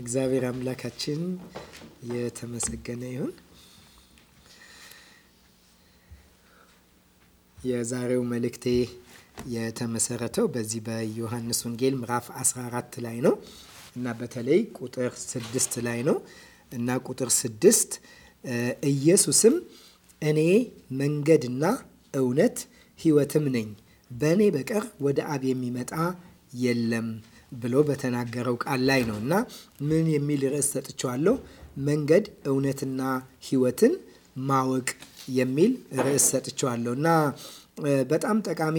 እግዚአብሔር አምላካችን የተመሰገነ ይሁን። የዛሬው መልእክቴ የተመሰረተው በዚህ በዮሐንስ ወንጌል ምዕራፍ 14 ላይ ነው እና በተለይ ቁጥር ስድስት ላይ ነው እና ቁጥር ስድስት ኢየሱስም እኔ መንገድና እውነት ሕይወትም ነኝ፣ በእኔ በቀር ወደ አብ የሚመጣ የለም ብሎ በተናገረው ቃል ላይ ነው እና ምን የሚል ርዕስ ሰጥቸዋለሁ? መንገድ እውነትና ህይወትን ማወቅ የሚል ርዕስ ሰጥቸዋለሁ እና በጣም ጠቃሚ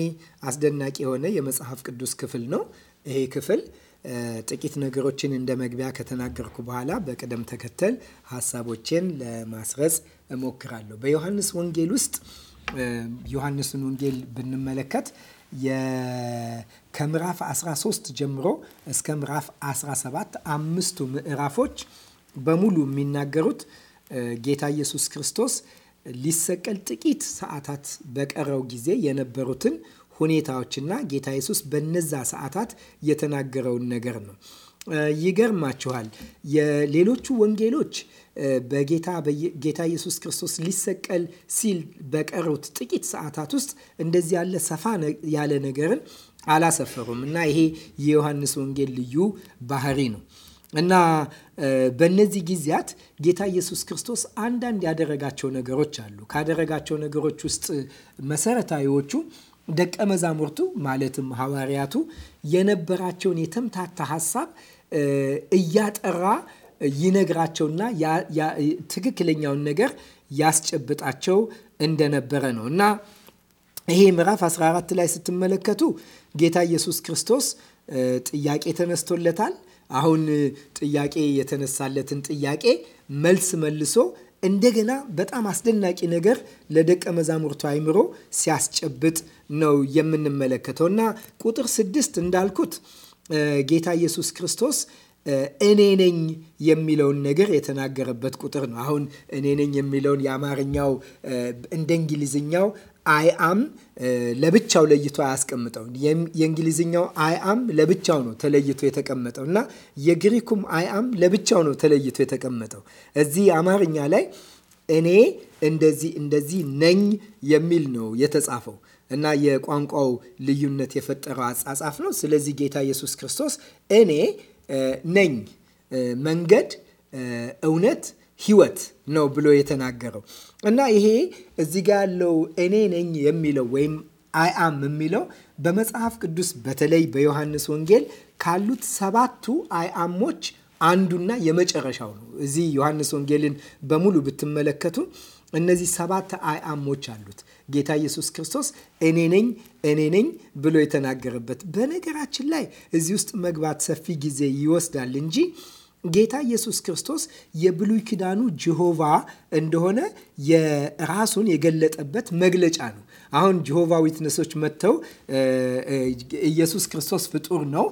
አስደናቂ የሆነ የመጽሐፍ ቅዱስ ክፍል ነው ይሄ ክፍል ጥቂት ነገሮችን እንደ መግቢያ ከተናገርኩ በኋላ በቅደም ተከተል ሀሳቦቼን ለማስረጽ እሞክራለሁ። በዮሐንስ ወንጌል ውስጥ ዮሐንስን ወንጌል ብንመለከት ከምዕራፍ 13 ጀምሮ እስከ ምዕራፍ 17 አምስቱ ምዕራፎች በሙሉ የሚናገሩት ጌታ ኢየሱስ ክርስቶስ ሊሰቀል ጥቂት ሰዓታት በቀረው ጊዜ የነበሩትን ሁኔታዎችና ጌታ ኢየሱስ በነዛ ሰዓታት የተናገረውን ነገር ነው። ይገርማችኋል የሌሎቹ ወንጌሎች በጌታ ጌታ ኢየሱስ ክርስቶስ ሊሰቀል ሲል በቀሩት ጥቂት ሰዓታት ውስጥ እንደዚህ ያለ ሰፋ ያለ ነገርን አላሰፈሩም እና ይሄ የዮሐንስ ወንጌል ልዩ ባህሪ ነው እና በእነዚህ ጊዜያት ጌታ ኢየሱስ ክርስቶስ አንዳንድ ያደረጋቸው ነገሮች አሉ። ካደረጋቸው ነገሮች ውስጥ መሰረታዊዎቹ ደቀ መዛሙርቱ ማለትም ሐዋርያቱ የነበራቸውን የተምታታ ሀሳብ እያጠራ ይነግራቸውና ትክክለኛውን ነገር ያስጨብጣቸው እንደነበረ ነው እና ይሄ ምዕራፍ 14 ላይ ስትመለከቱ ጌታ ኢየሱስ ክርስቶስ ጥያቄ ተነስቶለታል። አሁን ጥያቄ የተነሳለትን ጥያቄ መልስ መልሶ እንደገና በጣም አስደናቂ ነገር ለደቀ መዛሙርቱ አይምሮ ሲያስጨብጥ ነው የምንመለከተው እና ቁጥር ስድስት እንዳልኩት ጌታ ኢየሱስ ክርስቶስ እኔ ነኝ የሚለውን ነገር የተናገረበት ቁጥር ነው። አሁን እኔ ነኝ የሚለውን የአማርኛው እንደ እንግሊዝኛው አይ አም ለብቻው ለይቶ አያስቀምጠው። የእንግሊዝኛው አይ አም ለብቻው ነው ተለይቶ የተቀመጠው እና የግሪኩም አይ አም ለብቻው ነው ተለይቶ የተቀመጠው። እዚህ አማርኛ ላይ እኔ እንደዚህ እንደዚህ ነኝ የሚል ነው የተጻፈው። እና የቋንቋው ልዩነት የፈጠረው አጻጻፍ ነው። ስለዚህ ጌታ ኢየሱስ ክርስቶስ እኔ ነኝ መንገድ፣ እውነት፣ ህይወት ነው ብሎ የተናገረው እና ይሄ እዚ ጋ ያለው እኔ ነኝ የሚለው ወይም አይ አም የሚለው በመጽሐፍ ቅዱስ በተለይ በዮሐንስ ወንጌል ካሉት ሰባቱ አይ አሞች አንዱና የመጨረሻው ነው። እዚህ ዮሐንስ ወንጌልን በሙሉ ብትመለከቱ እነዚህ ሰባት አያሞች አሉት ጌታ ኢየሱስ ክርስቶስ እኔ ነኝ እኔ ነኝ ብሎ የተናገረበት። በነገራችን ላይ እዚህ ውስጥ መግባት ሰፊ ጊዜ ይወስዳል እንጂ ጌታ ኢየሱስ ክርስቶስ የብሉይ ኪዳኑ ጀሆቫ እንደሆነ የራሱን የገለጠበት መግለጫ ነው። አሁን ጅሆቫ ዊትነሶች መጥተው ኢየሱስ ክርስቶስ ፍጡር ነው፣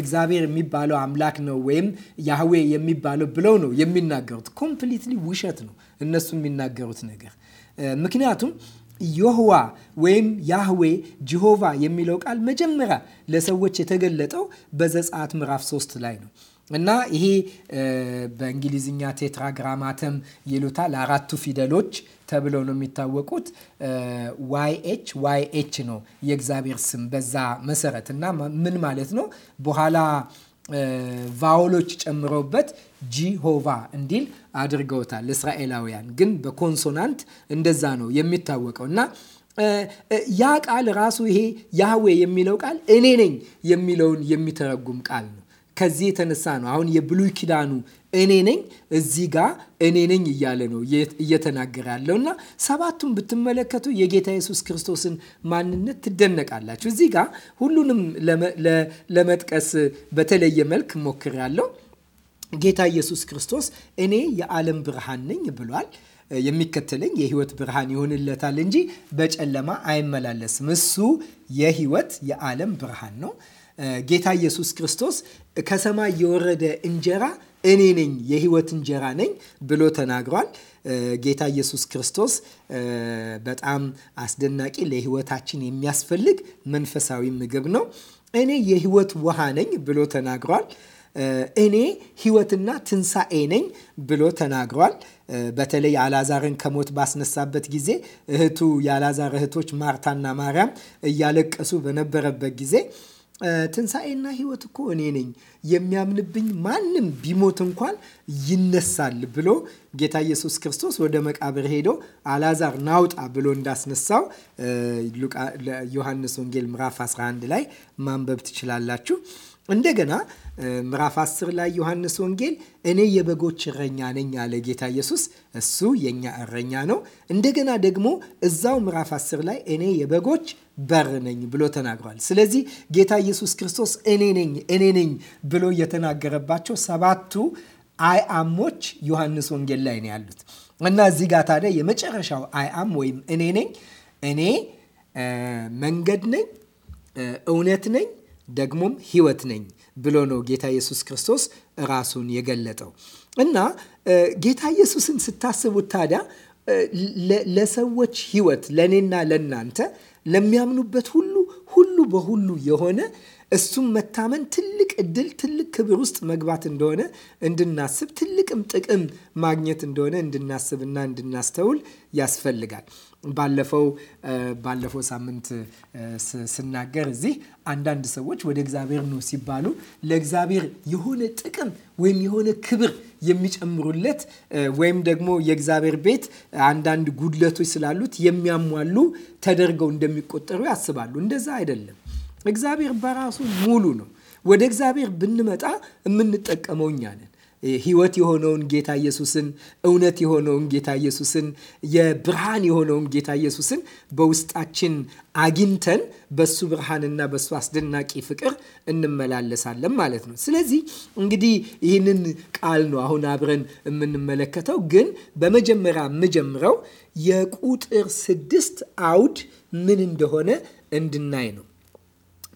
እግዚአብሔር የሚባለው አምላክ ነው ወይም ያህዌ የሚባለው ብለው ነው የሚናገሩት። ኮምፕሊትሊ ውሸት ነው እነሱ የሚናገሩት ነገር ምክንያቱም ዮህዋ ወይም ያህዌ ጅሆቫ የሚለው ቃል መጀመሪያ ለሰዎች የተገለጠው በዘጸአት ምዕራፍ 3 ላይ ነው። እና ይሄ በእንግሊዝኛ ቴትራግራማተም ይሉታል። አራቱ ፊደሎች ተብለው ነው የሚታወቁት። ዋይ ኤች ዋይ ኤች ነው የእግዚአብሔር ስም በዛ መሰረት እና ምን ማለት ነው በኋላ ቫውሎች ጨምረውበት ጂሆቫ እንዲል አድርገውታል። እስራኤላውያን ግን በኮንሶናንት እንደዛ ነው የሚታወቀው እና ያ ቃል ራሱ ይሄ ያህዌ የሚለው ቃል እኔ ነኝ የሚለውን የሚተረጉም ቃል ነው። ከዚህ የተነሳ ነው አሁን የብሉይ ኪዳኑ እኔ ነኝ እዚህ ጋ እኔ ነኝ እያለ ነው እየተናገረ ያለው እና ሰባቱን ብትመለከቱ የጌታ ኢየሱስ ክርስቶስን ማንነት ትደነቃላችሁ። እዚህ ጋ ሁሉንም ለመጥቀስ በተለየ መልክ ሞክር ያለው ጌታ ኢየሱስ ክርስቶስ እኔ የዓለም ብርሃን ነኝ ብሏል። የሚከተለኝ የህይወት ብርሃን ይሆንለታል እንጂ በጨለማ አይመላለስም። እሱ የህይወት የዓለም ብርሃን ነው። ጌታ ኢየሱስ ክርስቶስ ከሰማይ የወረደ እንጀራ እኔ ነኝ፣ የህይወት እንጀራ ነኝ ብሎ ተናግሯል። ጌታ ኢየሱስ ክርስቶስ በጣም አስደናቂ ለህይወታችን የሚያስፈልግ መንፈሳዊ ምግብ ነው። እኔ የህይወት ውሃ ነኝ ብሎ ተናግሯል። እኔ ህይወትና ትንሣኤ ነኝ ብሎ ተናግሯል። በተለይ አላዛርን ከሞት ባስነሳበት ጊዜ እህቱ የአላዛር እህቶች ማርታና ማርያም እያለቀሱ በነበረበት ጊዜ ትንሣኤና ህይወት እኮ እኔ ነኝ፣ የሚያምንብኝ ማንም ቢሞት እንኳን ይነሳል ብሎ ጌታ ኢየሱስ ክርስቶስ ወደ መቃብር ሄዶ አላዛር ናውጣ ብሎ እንዳስነሳው ዮሐንስ ወንጌል ምዕራፍ 11 ላይ ማንበብ ትችላላችሁ። እንደገና ምዕራፍ 10 ላይ ዮሐንስ ወንጌል እኔ የበጎች እረኛ ነኝ ያለ ጌታ ኢየሱስ እሱ የኛ እረኛ ነው። እንደገና ደግሞ እዛው ምዕራፍ 10 ላይ እኔ የበጎች በር ነኝ ብሎ ተናግሯል። ስለዚህ ጌታ ኢየሱስ ክርስቶስ እኔ ነኝ እኔ ነኝ ብሎ የተናገረባቸው ሰባቱ አይአሞች ዮሐንስ ወንጌል ላይ ነው ያሉት እና እዚህ ጋር ታዲያ የመጨረሻው አይአም ወይም እኔ ነኝ እኔ መንገድ ነኝ እውነት ነኝ ደግሞም ሕይወት ነኝ ብሎ ነው ጌታ ኢየሱስ ክርስቶስ ራሱን የገለጠው እና ጌታ ኢየሱስን ስታስቡት ታዲያ ለሰዎች ሕይወት ለእኔና ለእናንተ ለሚያምኑበት ሁሉ ሁሉ በሁሉ የሆነ እሱም መታመን ትልቅ እድል፣ ትልቅ ክብር ውስጥ መግባት እንደሆነ እንድናስብ፣ ትልቅም ጥቅም ማግኘት እንደሆነ እንድናስብና እንድናስተውል ያስፈልጋል። ባለፈው ባለፈው ሳምንት ስናገር እዚህ አንዳንድ ሰዎች ወደ እግዚአብሔር ነው ሲባሉ ለእግዚአብሔር የሆነ ጥቅም ወይም የሆነ ክብር የሚጨምሩለት ወይም ደግሞ የእግዚአብሔር ቤት አንዳንድ ጉድለቶች ስላሉት የሚያሟሉ ተደርገው እንደሚቆጠሩ ያስባሉ። እንደዛ አይደለም። እግዚአብሔር በራሱ ሙሉ ነው። ወደ እግዚአብሔር ብንመጣ የምንጠቀመው እኛ ነን። ሕይወት የሆነውን ጌታ ኢየሱስን፣ እውነት የሆነውን ጌታ ኢየሱስን፣ የብርሃን የሆነውን ጌታ ኢየሱስን በውስጣችን አግኝተን በሱ ብርሃንና በሱ አስደናቂ ፍቅር እንመላለሳለን ማለት ነው። ስለዚህ እንግዲህ ይህንን ቃል ነው አሁን አብረን የምንመለከተው። ግን በመጀመሪያ የምጀምረው የቁጥር ስድስት አውድ ምን እንደሆነ እንድናይ ነው።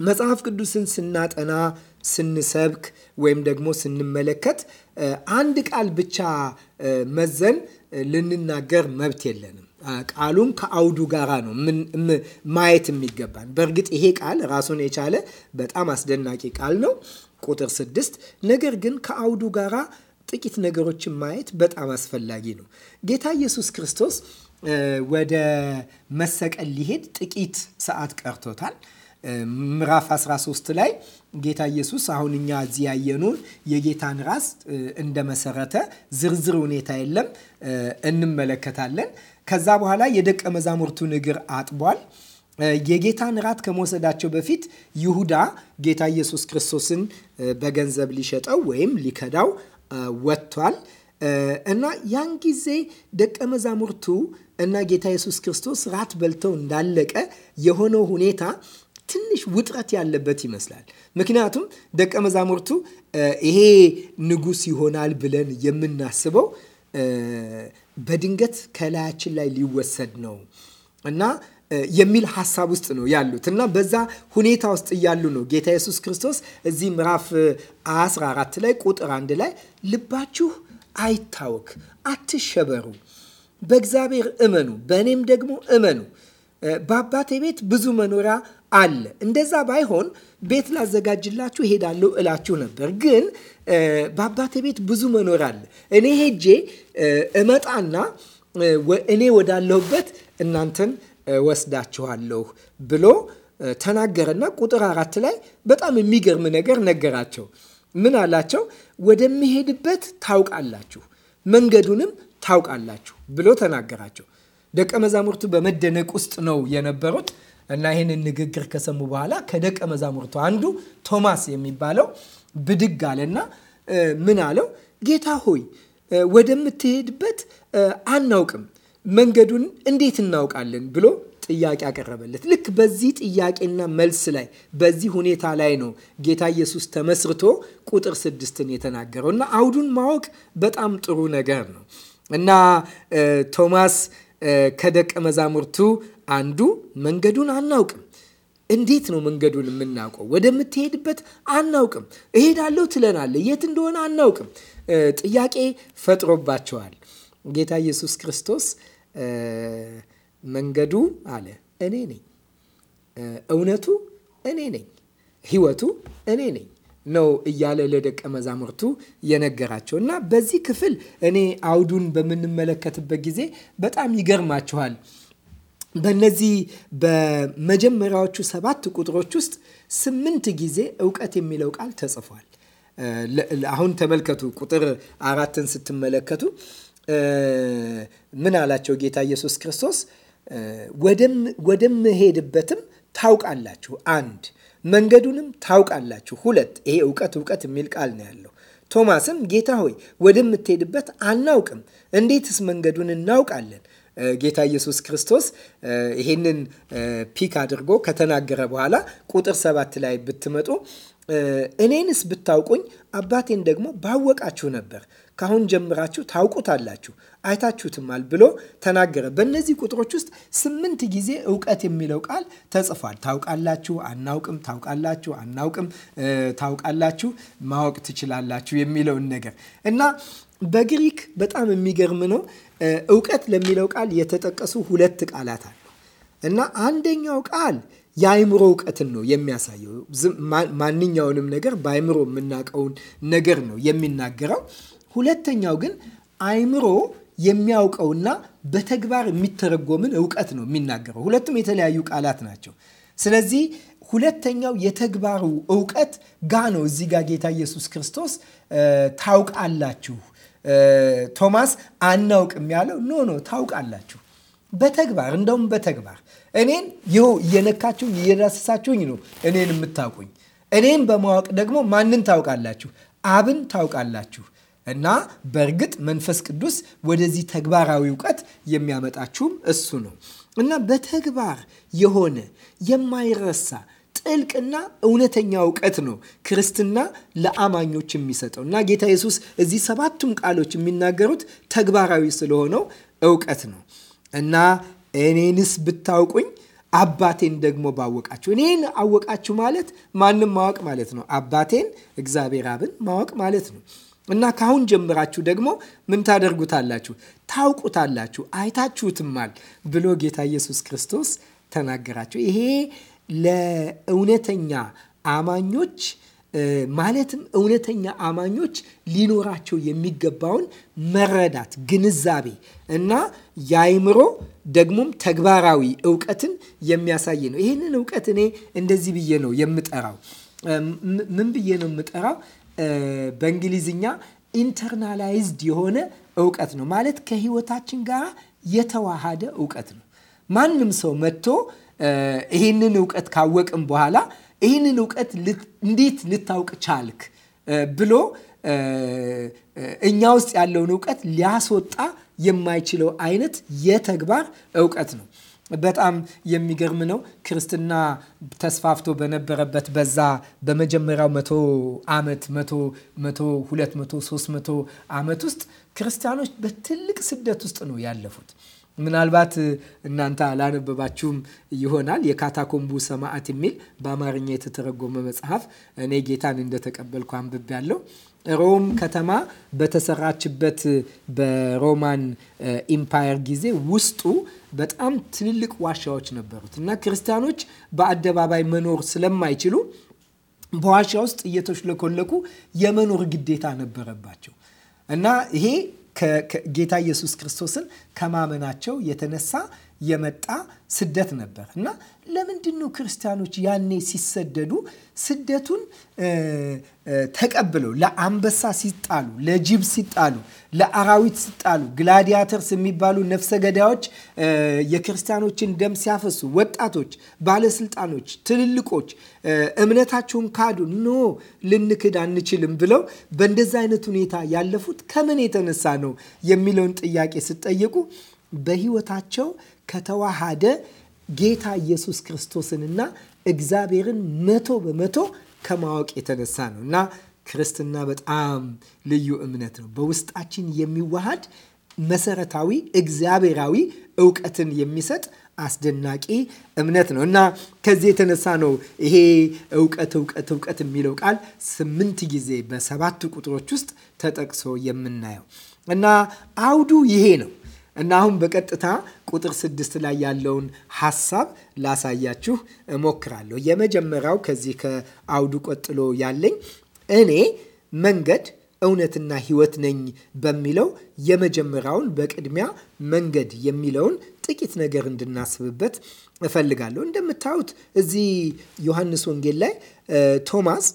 መጽሐፍ ቅዱስን ስናጠና ስንሰብክ ወይም ደግሞ ስንመለከት አንድ ቃል ብቻ መዘን ልንናገር መብት የለንም። ቃሉን ከአውዱ ጋራ ነው ማየት የሚገባን። በእርግጥ ይሄ ቃል ራሱን የቻለ በጣም አስደናቂ ቃል ነው፣ ቁጥር ስድስት ነገር ግን ከአውዱ ጋራ ጥቂት ነገሮችን ማየት በጣም አስፈላጊ ነው። ጌታ ኢየሱስ ክርስቶስ ወደ መሰቀል ሊሄድ ጥቂት ሰዓት ቀርቶታል። ምዕራፍ 13 ላይ ጌታ ኢየሱስ አሁን እኛ እዚህ ያየነውን የጌታን ራስ እንደመሰረተ ዝርዝር ሁኔታ የለም እንመለከታለን። ከዛ በኋላ የደቀ መዛሙርቱን እግር አጥቧል። የጌታን ራት ከመውሰዳቸው በፊት ይሁዳ ጌታ ኢየሱስ ክርስቶስን በገንዘብ ሊሸጠው ወይም ሊከዳው ወጥቷል እና ያን ጊዜ ደቀ መዛሙርቱ እና ጌታ ኢየሱስ ክርስቶስ ራት በልተው እንዳለቀ የሆነው ሁኔታ ትንሽ ውጥረት ያለበት ይመስላል። ምክንያቱም ደቀ መዛሙርቱ ይሄ ንጉሥ ይሆናል ብለን የምናስበው በድንገት ከላያችን ላይ ሊወሰድ ነው እና የሚል ሀሳብ ውስጥ ነው ያሉት እና በዛ ሁኔታ ውስጥ እያሉ ነው ጌታ ኢየሱስ ክርስቶስ እዚህ ምዕራፍ 14 ላይ ቁጥር አንድ ላይ ልባችሁ አይታወክ፣ አትሸበሩ፣ በእግዚአብሔር እመኑ፣ በእኔም ደግሞ እመኑ። በአባቴ ቤት ብዙ መኖሪያ አለ። እንደዛ ባይሆን ቤት ላዘጋጅላችሁ ሄዳለሁ እላችሁ ነበር። ግን በአባቴ ቤት ብዙ መኖር አለ። እኔ ሄጄ እመጣና እኔ ወዳለሁበት እናንተን ወስዳችኋለሁ ብሎ ተናገረና ቁጥር አራት ላይ በጣም የሚገርም ነገር ነገራቸው። ምን አላቸው? ወደሚሄድበት ታውቃላችሁ፣ መንገዱንም ታውቃላችሁ ብሎ ተናገራቸው። ደቀ መዛሙርቱ በመደነቅ ውስጥ ነው የነበሩት። እና ይህንን ንግግር ከሰሙ በኋላ ከደቀ መዛሙርቱ አንዱ ቶማስ የሚባለው ብድግ አለና ምን አለው? ጌታ ሆይ ወደምትሄድበት አናውቅም፣ መንገዱን እንዴት እናውቃለን? ብሎ ጥያቄ አቀረበለት። ልክ በዚህ ጥያቄና መልስ ላይ በዚህ ሁኔታ ላይ ነው ጌታ ኢየሱስ ተመስርቶ ቁጥር ስድስትን የተናገረው እና አውዱን ማወቅ በጣም ጥሩ ነገር ነው እና ቶማስ ከደቀ መዛሙርቱ አንዱ መንገዱን አናውቅም እንዴት ነው መንገዱን የምናውቀው? ወደምትሄድበት አናውቅም። እሄዳለሁ ትለናለ፣ የት እንደሆነ አናውቅም። ጥያቄ ፈጥሮባቸዋል። ጌታ ኢየሱስ ክርስቶስ መንገዱ አለ እኔ ነኝ፣ እውነቱ እኔ ነኝ፣ ህይወቱ እኔ ነኝ ነው እያለ ለደቀ መዛሙርቱ የነገራቸው እና በዚህ ክፍል እኔ አውዱን በምንመለከትበት ጊዜ በጣም ይገርማችኋል። በነዚህ በመጀመሪያዎቹ ሰባት ቁጥሮች ውስጥ ስምንት ጊዜ እውቀት የሚለው ቃል ተጽፏል። አሁን ተመልከቱ። ቁጥር አራትን ስትመለከቱ ምን አላቸው ጌታ ኢየሱስ ክርስቶስ? ወደምሄድበትም ታውቃላችሁ። አንድ መንገዱንም ታውቃላችሁ። ሁለት ይሄ እውቀት እውቀት የሚል ቃል ነው ያለው። ቶማስም ጌታ ሆይ ወደምትሄድበት አናውቅም፣ እንዴትስ መንገዱን እናውቃለን? ጌታ ኢየሱስ ክርስቶስ ይሄንን ፒክ አድርጎ ከተናገረ በኋላ ቁጥር ሰባት ላይ ብትመጡ እኔንስ ብታውቁኝ አባቴን ደግሞ ባወቃችሁ ነበር ካሁን ጀምራችሁ ታውቁታላችሁ አይታችሁትማል ብሎ ተናገረ። በእነዚህ ቁጥሮች ውስጥ ስምንት ጊዜ እውቀት የሚለው ቃል ተጽፏል። ታውቃላችሁ፣ አናውቅም፣ ታውቃላችሁ፣ አናውቅም፣ ታውቃላችሁ፣ ማወቅ ትችላላችሁ የሚለውን ነገር እና በግሪክ በጣም የሚገርም ነው። እውቀት ለሚለው ቃል የተጠቀሱ ሁለት ቃላት አሉ እና አንደኛው ቃል የአይምሮ እውቀትን ነው የሚያሳየው። ማንኛውንም ነገር በአይምሮ የምናውቀውን ነገር ነው የሚናገረው ሁለተኛው ግን አይምሮ የሚያውቀውና በተግባር የሚተረጎምን እውቀት ነው የሚናገረው። ሁለቱም የተለያዩ ቃላት ናቸው። ስለዚህ ሁለተኛው የተግባሩ እውቀት ጋ ነው። እዚህ ጋ ጌታ ኢየሱስ ክርስቶስ ታውቃላችሁ፣ ቶማስ አናውቅም ያለው ኖ ኖ ታውቃላችሁ፣ በተግባር እንደውም በተግባር እኔን ይኸው እየነካችሁ እየዳሰሳችሁኝ ነው እኔን የምታውቁኝ። እኔን በማወቅ ደግሞ ማንን ታውቃላችሁ? አብን ታውቃላችሁ እና በእርግጥ መንፈስ ቅዱስ ወደዚህ ተግባራዊ እውቀት የሚያመጣችሁም እሱ ነው እና በተግባር የሆነ የማይረሳ ጥልቅና እውነተኛ እውቀት ነው ክርስትና ለአማኞች የሚሰጠው እና ጌታ ኢየሱስ እዚህ ሰባቱም ቃሎች የሚናገሩት ተግባራዊ ስለሆነው እውቀት ነው እና እኔንስ ብታውቁኝ አባቴን ደግሞ ባወቃችሁ። እኔን አወቃችሁ ማለት ማንም ማወቅ ማለት ነው። አባቴን እግዚአብሔር አብን ማወቅ ማለት ነው። እና ካሁን ጀምራችሁ ደግሞ ምን ታደርጉታላችሁ? ታውቁታላችሁ፣ አይታችሁትማል ብሎ ጌታ ኢየሱስ ክርስቶስ ተናገራቸው። ይሄ ለእውነተኛ አማኞች ማለትም እውነተኛ አማኞች ሊኖራቸው የሚገባውን መረዳት፣ ግንዛቤ እና የአይምሮ ደግሞም ተግባራዊ እውቀትን የሚያሳይ ነው። ይህንን እውቀት እኔ እንደዚህ ብዬ ነው የምጠራው። ምን ብዬ ነው የምጠራው? በእንግሊዝኛ ኢንተርናላይዝድ የሆነ እውቀት ነው ማለት ከህይወታችን ጋር የተዋሃደ እውቀት ነው። ማንም ሰው መጥቶ ይህንን እውቀት ካወቅም በኋላ ይህንን እውቀት እንዴት ልታውቅ ቻልክ ብሎ እኛ ውስጥ ያለውን እውቀት ሊያስወጣ የማይችለው አይነት የተግባር እውቀት ነው። በጣም የሚገርም ነው። ክርስትና ተስፋፍቶ በነበረበት በዛ በመጀመሪያው መቶ ዓመት መቶ መቶ ሁለት መቶ ሶስት መቶ ዓመት ውስጥ ክርስቲያኖች በትልቅ ስደት ውስጥ ነው ያለፉት። ምናልባት እናንተ አላነበባችሁም ይሆናል። የካታኮምቡ ሰማዕት የሚል በአማርኛ የተተረጎመ መጽሐፍ እኔ ጌታን እንደተቀበልኩ አንብቤ ያለው ሮም ከተማ በተሰራችበት በሮማን ኢምፓየር ጊዜ ውስጡ በጣም ትልልቅ ዋሻዎች ነበሩት እና ክርስቲያኖች በአደባባይ መኖር ስለማይችሉ በዋሻ ውስጥ እየተሽለኮለኩ የመኖር ግዴታ ነበረባቸው እና ይሄ ጌታ ኢየሱስ ክርስቶስን ከማመናቸው የተነሳ የመጣ ስደት ነበር እና ለምንድን ነው ክርስቲያኖች ያኔ ሲሰደዱ ስደቱን ተቀብለው ለአንበሳ ሲጣሉ፣ ለጅብ ሲጣሉ፣ ለአራዊት ሲጣሉ፣ ግላዲያተርስ የሚባሉ ነፍሰ ገዳዮች የክርስቲያኖችን ደም ሲያፈሱ፣ ወጣቶች፣ ባለስልጣኖች፣ ትልልቆች እምነታቸውን ካዱ፣ ኖ ልንክድ አንችልም ብለው በእንደዛ አይነት ሁኔታ ያለፉት ከምን የተነሳ ነው የሚለውን ጥያቄ ስጠየቁ በህይወታቸው ከተዋሃደ ጌታ ኢየሱስ ክርስቶስንና እግዚአብሔርን መቶ በመቶ ከማወቅ የተነሳ ነው እና ክርስትና በጣም ልዩ እምነት ነው። በውስጣችን የሚዋሃድ መሰረታዊ እግዚአብሔራዊ እውቀትን የሚሰጥ አስደናቂ እምነት ነው እና ከዚህ የተነሳ ነው ይሄ እውቀት እውቀት እውቀት የሚለው ቃል ስምንት ጊዜ በሰባት ቁጥሮች ውስጥ ተጠቅሶ የምናየው እና አውዱ ይሄ ነው። እና አሁን በቀጥታ ቁጥር ስድስት ላይ ያለውን ሀሳብ ላሳያችሁ እሞክራለሁ። የመጀመሪያው ከዚህ ከአውዱ ቀጥሎ ያለኝ እኔ መንገድ እውነትና ሕይወት ነኝ በሚለው የመጀመሪያውን በቅድሚያ መንገድ የሚለውን ጥቂት ነገር እንድናስብበት እፈልጋለሁ። እንደምታዩት እዚህ ዮሐንስ ወንጌል ላይ ቶማስ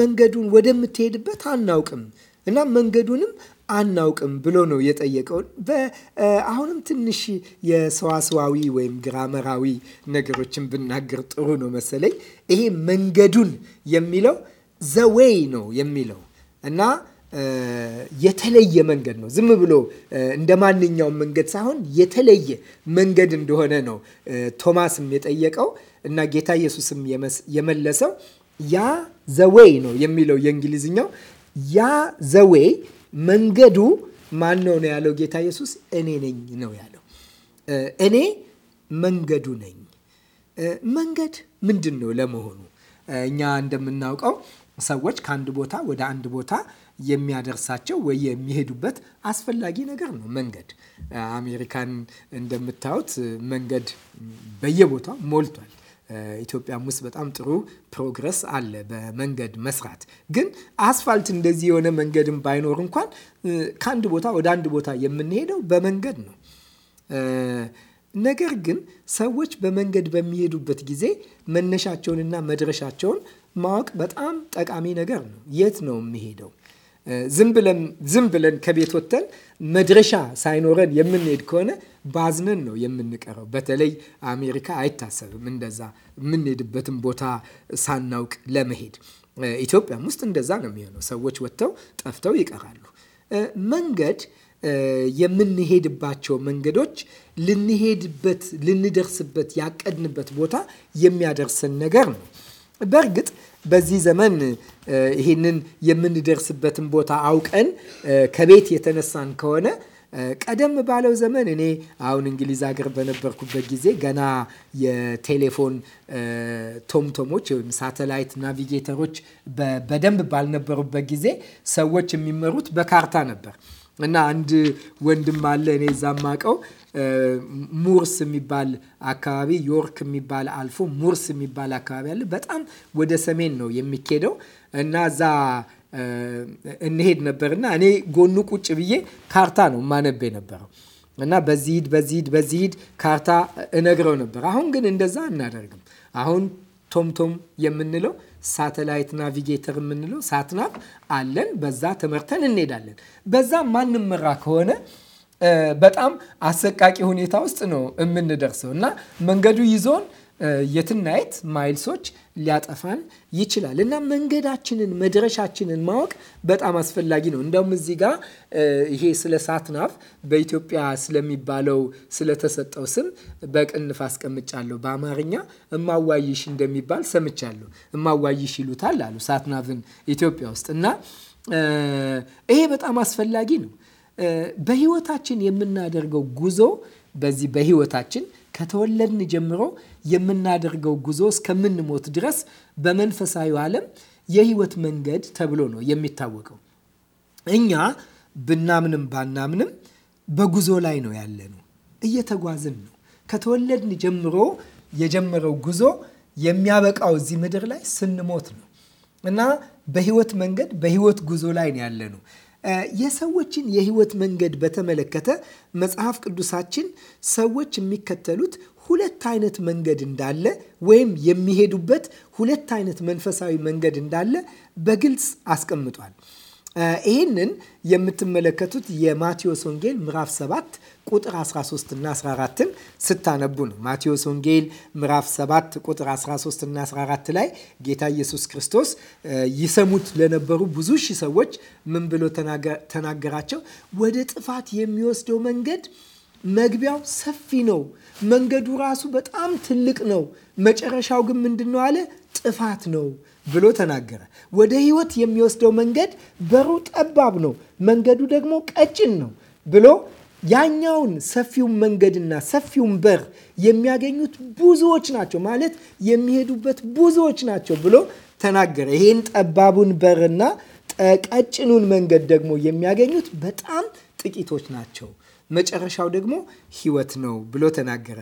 መንገዱን ወደምትሄድበት አናውቅም እና መንገዱንም አናውቅም ብሎ ነው የጠየቀው። አሁንም ትንሽ የሰዋስዋዊ ወይም ግራመራዊ ነገሮችን ብናገር ጥሩ ነው መሰለኝ። ይሄ መንገዱን የሚለው ዘዌይ ነው የሚለው እና የተለየ መንገድ ነው። ዝም ብሎ እንደ ማንኛውም መንገድ ሳይሆን የተለየ መንገድ እንደሆነ ነው ቶማስም የጠየቀው እና ጌታ ኢየሱስም የመለሰው ያ ዘዌይ ነው የሚለው የእንግሊዝኛው ያ ዘዌ መንገዱ ማን ነው ነው ያለው ጌታ ኢየሱስ እኔ ነኝ ነው ያለው። እኔ መንገዱ ነኝ። መንገድ ምንድን ነው ለመሆኑ? እኛ እንደምናውቀው ሰዎች ከአንድ ቦታ ወደ አንድ ቦታ የሚያደርሳቸው ወይ የሚሄዱበት አስፈላጊ ነገር ነው መንገድ። አሜሪካን እንደምታዩት መንገድ በየቦታው ሞልቷል። ኢትዮጵያም ውስጥ በጣም ጥሩ ፕሮግረስ አለ በመንገድ መስራት። ግን አስፋልት እንደዚህ የሆነ መንገድም ባይኖር እንኳን ከአንድ ቦታ ወደ አንድ ቦታ የምንሄደው በመንገድ ነው። ነገር ግን ሰዎች በመንገድ በሚሄዱበት ጊዜ መነሻቸውንና መድረሻቸውን ማወቅ በጣም ጠቃሚ ነገር ነው። የት ነው የሚሄደው? ዝም ብለን ከቤት ወጥተን መድረሻ ሳይኖረን የምንሄድ ከሆነ ባዝነን ነው የምንቀረው። በተለይ አሜሪካ አይታሰብም እንደዛ የምንሄድበትን ቦታ ሳናውቅ ለመሄድ። ኢትዮጵያም ውስጥ እንደዛ ነው የሚሆነው። ሰዎች ወጥተው ጠፍተው ይቀራሉ። መንገድ የምንሄድባቸው መንገዶች ልንሄድበት ልንደርስበት ያቀድንበት ቦታ የሚያደርስን ነገር ነው። በእርግጥ በዚህ ዘመን ይህንን የምንደርስበትን ቦታ አውቀን ከቤት የተነሳን ከሆነ ቀደም ባለው ዘመን እኔ አሁን እንግሊዝ ሀገር በነበርኩበት ጊዜ ገና የቴሌፎን ቶምቶሞች ወይም ሳተላይት ናቪጌተሮች በደንብ ባልነበሩበት ጊዜ ሰዎች የሚመሩት በካርታ ነበር እና አንድ ወንድም አለ እኔ እዛ ሙርስ የሚባል አካባቢ ዮርክ የሚባል አልፎ ሙርስ የሚባል አካባቢ አለ። በጣም ወደ ሰሜን ነው የሚኬደው እና እዛ እንሄድ ነበርና እኔ ጎኑ ቁጭ ብዬ ካርታ ነው ማነብ የነበረው እና በዚህ ሂድ በዚህ ሂድ በዚህ ሂድ ካርታ እነግረው ነበር። አሁን ግን እንደዛ አናደርግም። አሁን ቶምቶም የምንለው ሳተላይት ናቪጌተር የምንለው ሳትናቭ አለን። በዛ ተመርተን እንሄዳለን። በዛ ማንመራ ከሆነ በጣም አሰቃቂ ሁኔታ ውስጥ ነው የምንደርሰው እና መንገዱ ይዞን የትናየት ማይልሶች ሊያጠፋን ይችላል እና መንገዳችንን መድረሻችንን ማወቅ በጣም አስፈላጊ ነው። እንደውም እዚህ ጋር ይሄ ስለ ሳትናፍ በኢትዮጵያ ስለሚባለው ስለተሰጠው ስም በቅንፍ አስቀምጫለሁ። በአማርኛ እማዋይሽ እንደሚባል ሰምቻለሁ። እማዋይሽ ይሉታል አሉ ሳትናፍን ኢትዮጵያ ውስጥ እና ይሄ በጣም አስፈላጊ ነው። በህይወታችን የምናደርገው ጉዞ በዚህ በህይወታችን ከተወለድን ጀምሮ የምናደርገው ጉዞ እስከምንሞት ድረስ በመንፈሳዊ ዓለም የህይወት መንገድ ተብሎ ነው የሚታወቀው። እኛ ብናምንም ባናምንም በጉዞ ላይ ነው ያለነው፣ እየተጓዝን ነው። ከተወለድን ጀምሮ የጀመረው ጉዞ የሚያበቃው እዚህ ምድር ላይ ስንሞት ነው እና በህይወት መንገድ በህይወት ጉዞ ላይ ነው ያለነው። የሰዎችን የህይወት መንገድ በተመለከተ መጽሐፍ ቅዱሳችን ሰዎች የሚከተሉት ሁለት አይነት መንገድ እንዳለ ወይም የሚሄዱበት ሁለት አይነት መንፈሳዊ መንገድ እንዳለ በግልጽ አስቀምጧል። ይህንን የምትመለከቱት የማቴዎስ ወንጌል ምዕራፍ 7 ቁጥር 13 እና 14ን ስታነቡ ነው። ማቴዎስ ወንጌል ምዕራፍ 7 ቁጥር 13 እና 14 ላይ ጌታ ኢየሱስ ክርስቶስ ይሰሙት ለነበሩ ብዙ ሺህ ሰዎች ምን ብሎ ተናገራቸው? ወደ ጥፋት የሚወስደው መንገድ መግቢያው ሰፊ ነው፣ መንገዱ ራሱ በጣም ትልቅ ነው፣ መጨረሻው ግን ምንድን ነው አለ ጥፋት ነው ብሎ ተናገረ። ወደ ህይወት የሚወስደው መንገድ በሩ ጠባብ ነው፣ መንገዱ ደግሞ ቀጭን ነው ብሎ ያኛውን ሰፊውን መንገድና ሰፊውን በር የሚያገኙት ብዙዎች ናቸው ማለት የሚሄዱበት ብዙዎች ናቸው ብሎ ተናገረ። ይህን ጠባቡን በርና ቀጭኑን መንገድ ደግሞ የሚያገኙት በጣም ጥቂቶች ናቸው፣ መጨረሻው ደግሞ ሕይወት ነው ብሎ ተናገረ።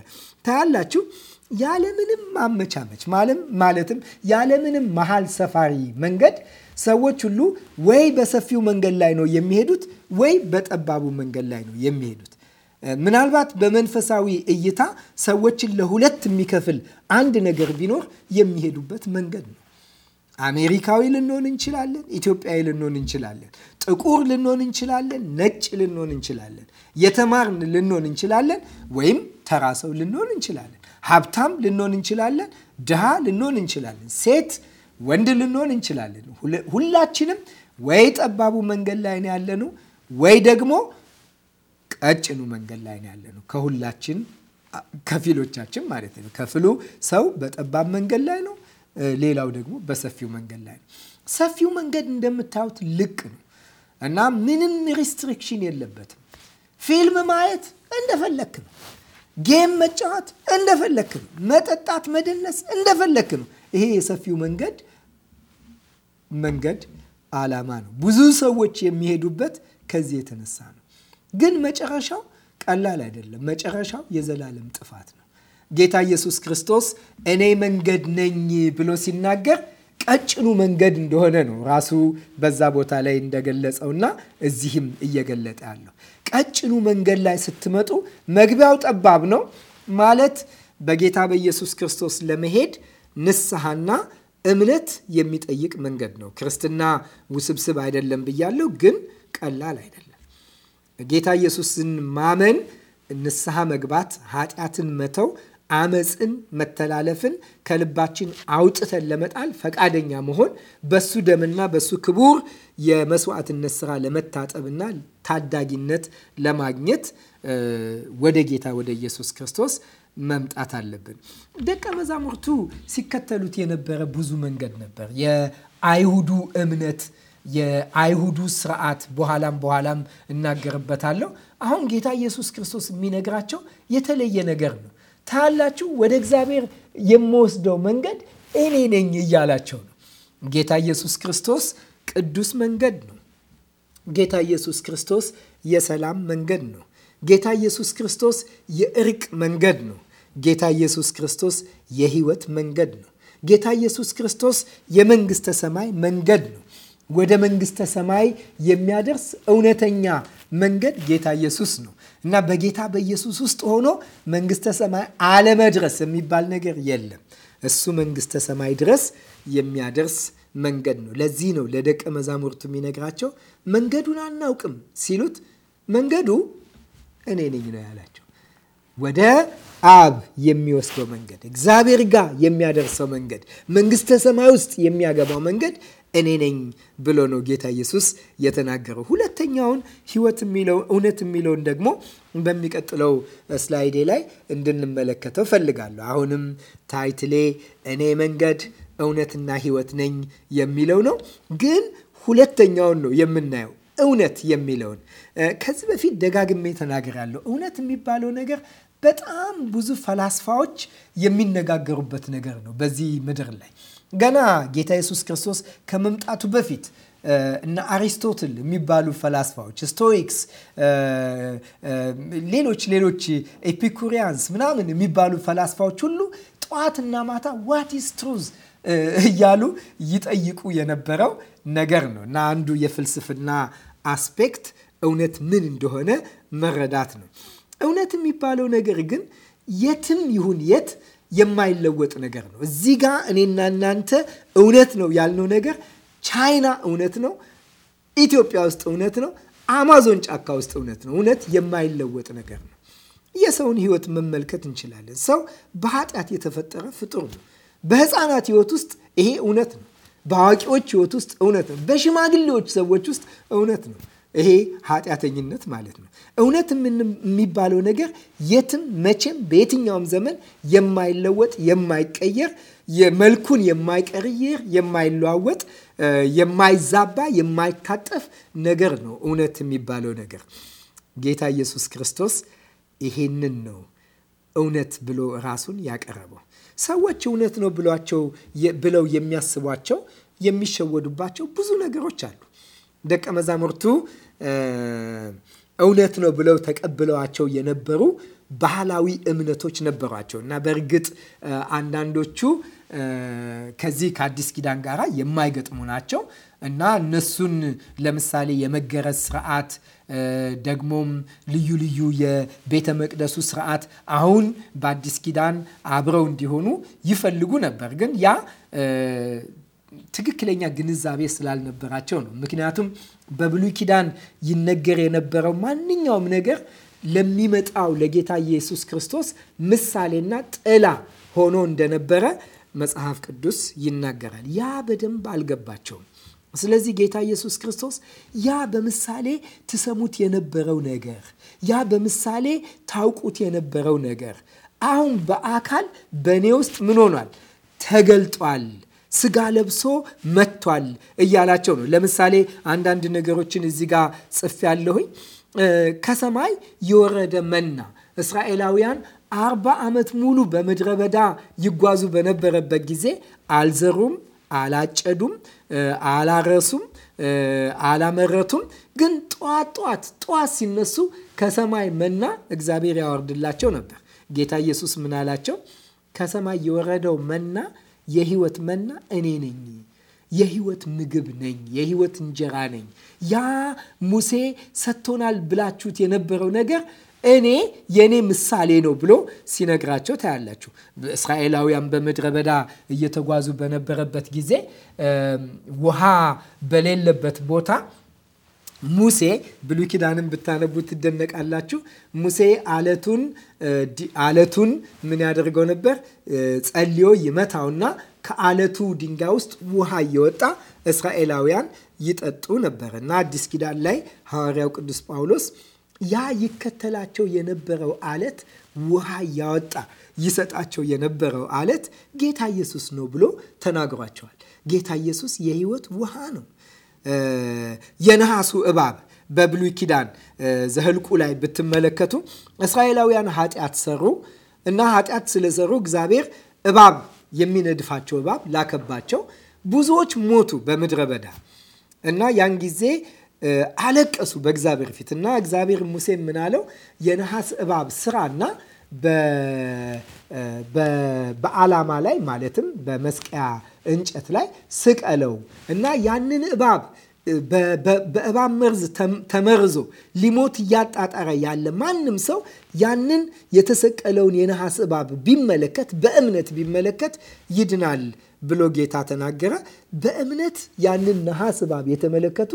ታያላችሁ ያለምንም አመቻመች ማለትም ያለምንም መሀል ሰፋሪ መንገድ ሰዎች ሁሉ ወይ በሰፊው መንገድ ላይ ነው የሚሄዱት ወይ በጠባቡ መንገድ ላይ ነው የሚሄዱት። ምናልባት በመንፈሳዊ እይታ ሰዎችን ለሁለት የሚከፍል አንድ ነገር ቢኖር የሚሄዱበት መንገድ ነው። አሜሪካዊ ልንሆን እንችላለን፣ ኢትዮጵያዊ ልንሆን እንችላለን፣ ጥቁር ልንሆን እንችላለን፣ ነጭ ልንሆን እንችላለን፣ የተማርን ልንሆን እንችላለን፣ ወይም ተራሰው ልንሆን እንችላለን፣ ሀብታም ልንሆን እንችላለን፣ ድሃ ልንሆን እንችላለን፣ ሴት ወንድ ልንሆን እንችላለን። ሁላችንም ወይ ጠባቡ መንገድ ላይ ነው ያለነው ወይ ደግሞ ቀጭኑ መንገድ ላይ ነው ያለነው። ከሁላችን ከፊሎቻችን ማለት ነው። ከፍሉ ሰው በጠባብ መንገድ ላይ ነው፣ ሌላው ደግሞ በሰፊው መንገድ ላይ ነው። ሰፊው መንገድ እንደምታዩት ልቅ ነው እና ምንም ሪስትሪክሽን የለበትም። ፊልም ማየት እንደፈለክ ነው። ጌም መጫወት እንደፈለክ ነው። መጠጣት፣ መደነስ እንደፈለክ ነው። ይሄ የሰፊው መንገድ መንገድ ዓላማ ነው። ብዙ ሰዎች የሚሄዱበት ከዚህ የተነሳ ነው። ግን መጨረሻው ቀላል አይደለም። መጨረሻው የዘላለም ጥፋት ነው። ጌታ ኢየሱስ ክርስቶስ እኔ መንገድ ነኝ ብሎ ሲናገር ቀጭኑ መንገድ እንደሆነ ነው ራሱ በዛ ቦታ ላይ እንደገለጸውና እዚህም እየገለጠ ያለው ቀጭኑ መንገድ ላይ ስትመጡ መግቢያው ጠባብ ነው ማለት በጌታ በኢየሱስ ክርስቶስ ለመሄድ ንስሐና እምነት የሚጠይቅ መንገድ ነው። ክርስትና ውስብስብ አይደለም ብያለሁ፣ ግን ቀላል አይደለም። ጌታ ኢየሱስን ማመን፣ ንስሐ መግባት፣ ኃጢአትን መተው፣ አመፅን፣ መተላለፍን ከልባችን አውጥተን ለመጣል ፈቃደኛ መሆን፣ በሱ ደምና በሱ ክቡር የመስዋዕትነት ስራ ለመታጠብና ታዳጊነት ለማግኘት ወደ ጌታ ወደ ኢየሱስ ክርስቶስ መምጣት አለብን። ደቀ መዛሙርቱ ሲከተሉት የነበረ ብዙ መንገድ ነበር። የአይሁዱ እምነት፣ የአይሁዱ ስርዓት፣ በኋላም በኋላም እናገርበታለሁ። አሁን ጌታ ኢየሱስ ክርስቶስ የሚነግራቸው የተለየ ነገር ነው። ታላችሁ ወደ እግዚአብሔር የምወስደው መንገድ እኔ ነኝ እያላቸው ነው። ጌታ ኢየሱስ ክርስቶስ ቅዱስ መንገድ ነው። ጌታ ኢየሱስ ክርስቶስ የሰላም መንገድ ነው። ጌታ ኢየሱስ ክርስቶስ የእርቅ መንገድ ነው። ጌታ ኢየሱስ ክርስቶስ የህይወት መንገድ ነው። ጌታ ኢየሱስ ክርስቶስ የመንግስተ ሰማይ መንገድ ነው። ወደ መንግስተ ሰማይ የሚያደርስ እውነተኛ መንገድ ጌታ ኢየሱስ ነው እና በጌታ በኢየሱስ ውስጥ ሆኖ መንግስተ ሰማይ አለመድረስ የሚባል ነገር የለም። እሱ መንግስተ ሰማይ ድረስ የሚያደርስ መንገድ ነው። ለዚህ ነው ለደቀ መዛሙርቱ የሚነግራቸው መንገዱን አናውቅም ሲሉት መንገዱ እኔ ነኝ ነው ያላቸው። ወደ አብ የሚወስደው መንገድ፣ እግዚአብሔር ጋር የሚያደርሰው መንገድ፣ መንግስተ ሰማይ ውስጥ የሚያገባው መንገድ እኔ ነኝ ብሎ ነው ጌታ ኢየሱስ የተናገረው። ሁለተኛውን ህይወት የሚለው እውነት የሚለውን ደግሞ በሚቀጥለው ስላይዴ ላይ እንድንመለከተው ፈልጋለሁ። አሁንም ታይትሌ እኔ መንገድ እውነትና ህይወት ነኝ የሚለው ነው። ግን ሁለተኛውን ነው የምናየው እውነት የሚለውን ከዚህ በፊት ደጋግሜ ተናግራለሁ። እውነት የሚባለው ነገር በጣም ብዙ ፈላስፋዎች የሚነጋገሩበት ነገር ነው በዚህ ምድር ላይ ገና ጌታ ኢየሱስ ክርስቶስ ከመምጣቱ በፊት እና አሪስቶትል የሚባሉ ፈላስፋዎች፣ ስቶይክስ፣ ሌሎች ሌሎች ኤፒኩሪያንስ ምናምን የሚባሉ ፈላስፋዎች ሁሉ ጠዋትና ማታ ዋት ኢስ ትሩዝ እያሉ ይጠይቁ የነበረው ነገር ነው እና አንዱ የፍልስፍና አስፔክት እውነት ምን እንደሆነ መረዳት ነው። እውነት የሚባለው ነገር ግን የትም ይሁን የት የማይለወጥ ነገር ነው። እዚህ ጋ እኔና እናንተ እውነት ነው ያልነው ነገር ቻይና እውነት ነው፣ ኢትዮጵያ ውስጥ እውነት ነው፣ አማዞን ጫካ ውስጥ እውነት ነው። እውነት የማይለወጥ ነገር ነው። የሰውን ህይወት መመልከት እንችላለን። ሰው በኃጢአት የተፈጠረ ፍጡር ነው። በህፃናት ህይወት ውስጥ ይሄ እውነት ነው። በአዋቂዎች ህይወት ውስጥ እውነት ነው። በሽማግሌዎች ሰዎች ውስጥ እውነት ነው። ይሄ ኃጢአተኝነት ማለት ነው። እውነት የሚባለው ነገር የትም መቼም በየትኛውም ዘመን የማይለወጥ የማይቀየር መልኩን የማይቀይር የማይለዋወጥ የማይዛባ የማይታጠፍ ነገር ነው። እውነት የሚባለው ነገር ጌታ ኢየሱስ ክርስቶስ ይሄንን ነው እውነት ብሎ ራሱን ያቀረበው። ሰዎች እውነት ነው ብሏቸው ብለው የሚያስቧቸው የሚሸወዱባቸው ብዙ ነገሮች አሉ። ደቀ መዛሙርቱ እውነት ነው ብለው ተቀብለዋቸው የነበሩ ባህላዊ እምነቶች ነበሯቸው እና በእርግጥ አንዳንዶቹ ከዚህ ከአዲስ ኪዳን ጋር የማይገጥሙ ናቸው እና እነሱን ለምሳሌ የመገረዝ ስርዓት ደግሞም ልዩ ልዩ የቤተ መቅደሱ ስርዓት አሁን በአዲስ ኪዳን አብረው እንዲሆኑ ይፈልጉ ነበር ግን ያ ትክክለኛ ግንዛቤ ስላልነበራቸው ነው። ምክንያቱም በብሉይ ኪዳን ይነገር የነበረው ማንኛውም ነገር ለሚመጣው ለጌታ ኢየሱስ ክርስቶስ ምሳሌና ጥላ ሆኖ እንደነበረ መጽሐፍ ቅዱስ ይናገራል። ያ በደንብ አልገባቸውም። ስለዚህ ጌታ ኢየሱስ ክርስቶስ ያ በምሳሌ ትሰሙት የነበረው ነገር፣ ያ በምሳሌ ታውቁት የነበረው ነገር አሁን በአካል በእኔ ውስጥ ምን ሆኗል? ተገልጧል ስጋ ለብሶ መጥቷል እያላቸው ነው። ለምሳሌ አንዳንድ ነገሮችን እዚህ ጋር ጽፍ ያለሁኝ ከሰማይ የወረደ መና እስራኤላውያን አርባ ዓመት ሙሉ በምድረ በዳ ይጓዙ በነበረበት ጊዜ አልዘሩም፣ አላጨዱም፣ አላረሱም፣ አላመረቱም። ግን ጠዋት ጠዋት ጠዋት ሲነሱ ከሰማይ መና እግዚአብሔር ያወርድላቸው ነበር። ጌታ ኢየሱስ ምን አላቸው? ከሰማይ የወረደው መና የህይወት መና እኔ ነኝ፣ የህይወት ምግብ ነኝ፣ የህይወት እንጀራ ነኝ። ያ ሙሴ ሰጥቶናል ብላችሁት የነበረው ነገር እኔ የእኔ ምሳሌ ነው ብሎ ሲነግራቸው ታያላችሁ። እስራኤላውያን በምድረ በዳ እየተጓዙ በነበረበት ጊዜ ውሃ በሌለበት ቦታ ሙሴ ብሉይ ኪዳንን ብታነቡ ትደነቃላችሁ። ሙሴ አለቱን አለቱን ምን ያደርገው ነበር? ጸልዮ ይመታውና ከአለቱ ድንጋይ ውስጥ ውሃ እየወጣ እስራኤላውያን ይጠጡ ነበር እና አዲስ ኪዳን ላይ ሐዋርያው ቅዱስ ጳውሎስ ያ ይከተላቸው የነበረው አለት ውሃ እያወጣ ይሰጣቸው የነበረው አለት ጌታ ኢየሱስ ነው ብሎ ተናግሯቸዋል። ጌታ ኢየሱስ የህይወት ውሃ ነው። የነሐሱ እባብ በብሉይ ኪዳን ዘህልቁ ላይ ብትመለከቱ እስራኤላውያን ኃጢአት ሰሩ እና ኃጢአት ስለሰሩ እግዚአብሔር እባብ የሚነድፋቸው እባብ ላከባቸው። ብዙዎች ሞቱ በምድረ በዳ እና ያን ጊዜ አለቀሱ በእግዚአብሔር ፊት እና እግዚአብሔር ሙሴ ምናለው የነሐስ እባብ ስራና በዓላማ ላይ ማለትም በመስቀያ እንጨት ላይ ስቀለው እና ያንን እባብ በእባብ መርዝ ተመርዞ ሊሞት እያጣጠረ ያለ ማንም ሰው ያንን የተሰቀለውን የነሐስ እባብ ቢመለከት በእምነት ቢመለከት ይድናል ብሎ ጌታ ተናገረ። በእምነት ያንን ነሐስ እባብ የተመለከቱ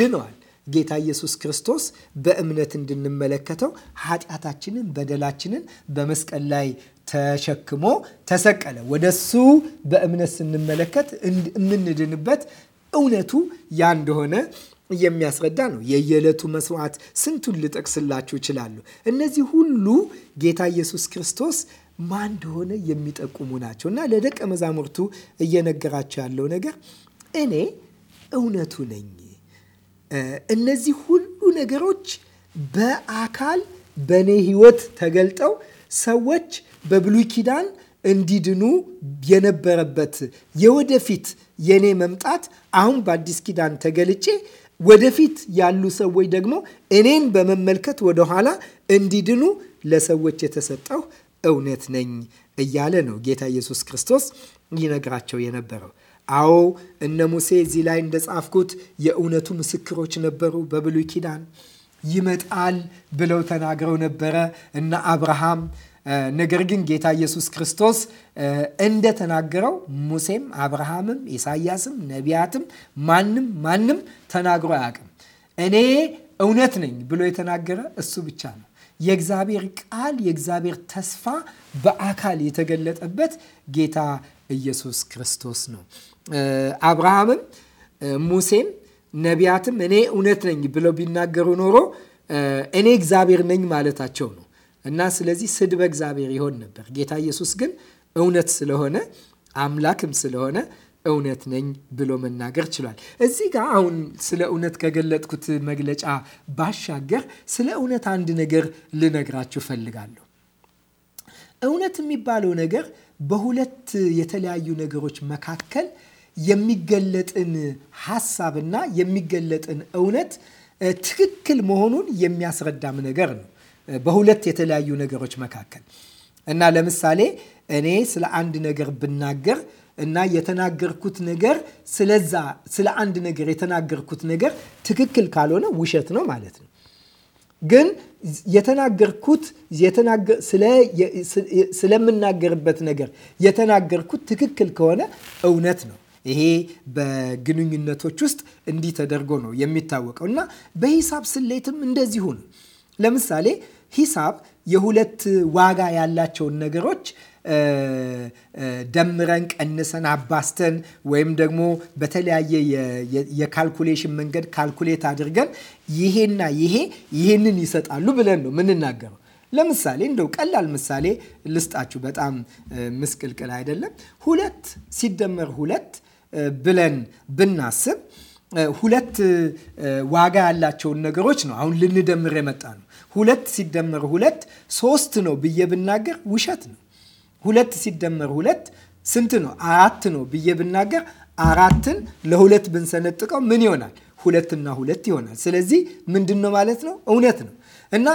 ድነዋል። ጌታ ኢየሱስ ክርስቶስ በእምነት እንድንመለከተው ኃጢአታችንን፣ በደላችንን በመስቀል ላይ ተሸክሞ ተሰቀለ። ወደሱ በእምነት ስንመለከት የምንድንበት እውነቱ ያ እንደሆነ የሚያስረዳ ነው። የየዕለቱ መስዋዕት ስንቱን ልጠቅስላችሁ ይችላሉ። እነዚህ ሁሉ ጌታ ኢየሱስ ክርስቶስ ማን እንደሆነ የሚጠቁሙ ናቸው እና ለደቀ መዛሙርቱ እየነገራቸው ያለው ነገር እኔ እውነቱ ነኝ እነዚህ ሁሉ ነገሮች በአካል በእኔ ህይወት ተገልጠው ሰዎች በብሉይ ኪዳን እንዲድኑ የነበረበት የወደፊት የኔ መምጣት አሁን በአዲስ ኪዳን ተገልጬ ወደፊት ያሉ ሰዎች ደግሞ እኔን በመመልከት ወደኋላ እንዲድኑ ለሰዎች የተሰጠው እውነት ነኝ እያለ ነው ጌታ ኢየሱስ ክርስቶስ ይነግራቸው የነበረው። አዎ እነ ሙሴ እዚህ ላይ እንደጻፍኩት የእውነቱ ምስክሮች ነበሩ። በብሉይ ኪዳን ይመጣል ብለው ተናግረው ነበረ እነ አብርሃም። ነገር ግን ጌታ ኢየሱስ ክርስቶስ እንደተናገረው ሙሴም አብርሃምም ኢሳያስም ነቢያትም ማንም ማንም ተናግሮ አያውቅም። እኔ እውነት ነኝ ብሎ የተናገረ እሱ ብቻ ነው። የእግዚአብሔር ቃል የእግዚአብሔር ተስፋ በአካል የተገለጠበት ጌታ ኢየሱስ ክርስቶስ ነው። አብርሃምም ሙሴም ነቢያትም እኔ እውነት ነኝ ብለው ቢናገሩ ኖሮ እኔ እግዚአብሔር ነኝ ማለታቸው ነው እና ስለዚህ ስድበ እግዚአብሔር ይሆን ነበር። ጌታ ኢየሱስ ግን እውነት ስለሆነ አምላክም ስለሆነ እውነት ነኝ ብሎ መናገር ችሏል። እዚህ ጋር አሁን ስለ እውነት ከገለጥኩት መግለጫ ባሻገር ስለ እውነት አንድ ነገር ልነግራችሁ ፈልጋለሁ። እውነት የሚባለው ነገር በሁለት የተለያዩ ነገሮች መካከል የሚገለጥን ሀሳብና የሚገለጥን እውነት ትክክል መሆኑን የሚያስረዳም ነገር ነው። በሁለት የተለያዩ ነገሮች መካከል እና ለምሳሌ እኔ ስለ አንድ ነገር ብናገር እና የተናገርኩት ነገር ስለዛ ስለ አንድ ነገር የተናገርኩት ነገር ትክክል ካልሆነ ውሸት ነው ማለት ነው። ግን የተናገርኩት ስለምናገርበት ነገር የተናገርኩት ትክክል ከሆነ እውነት ነው። ይሄ በግንኙነቶች ውስጥ እንዲህ ተደርጎ ነው የሚታወቀው እና በሂሳብ ስሌትም እንደዚሁ ነው። ለምሳሌ ሂሳብ የሁለት ዋጋ ያላቸውን ነገሮች ደምረን ቀንሰን አባስተን ወይም ደግሞ በተለያየ የካልኩሌሽን መንገድ ካልኩሌት አድርገን ይሄና ይሄ ይሄንን ይሰጣሉ ብለን ነው የምንናገረው። ለምሳሌ እንደው ቀላል ምሳሌ ልስጣችሁ። በጣም ምስቅልቅል አይደለም። ሁለት ሲደመር ሁለት ብለን ብናስብ ሁለት ዋጋ ያላቸውን ነገሮች ነው አሁን ልንደምር የመጣ ነው። ሁለት ሲደመር ሁለት ሶስት ነው ብዬ ብናገር ውሸት ነው። ሁለት ሲደመር ሁለት ስንት ነው? አራት ነው ብዬ ብናገር አራትን ለሁለት ብንሰነጥቀው ምን ይሆናል? ሁለትና ሁለት ይሆናል። ስለዚህ ምንድን ነው ማለት ነው? እውነት ነው። እና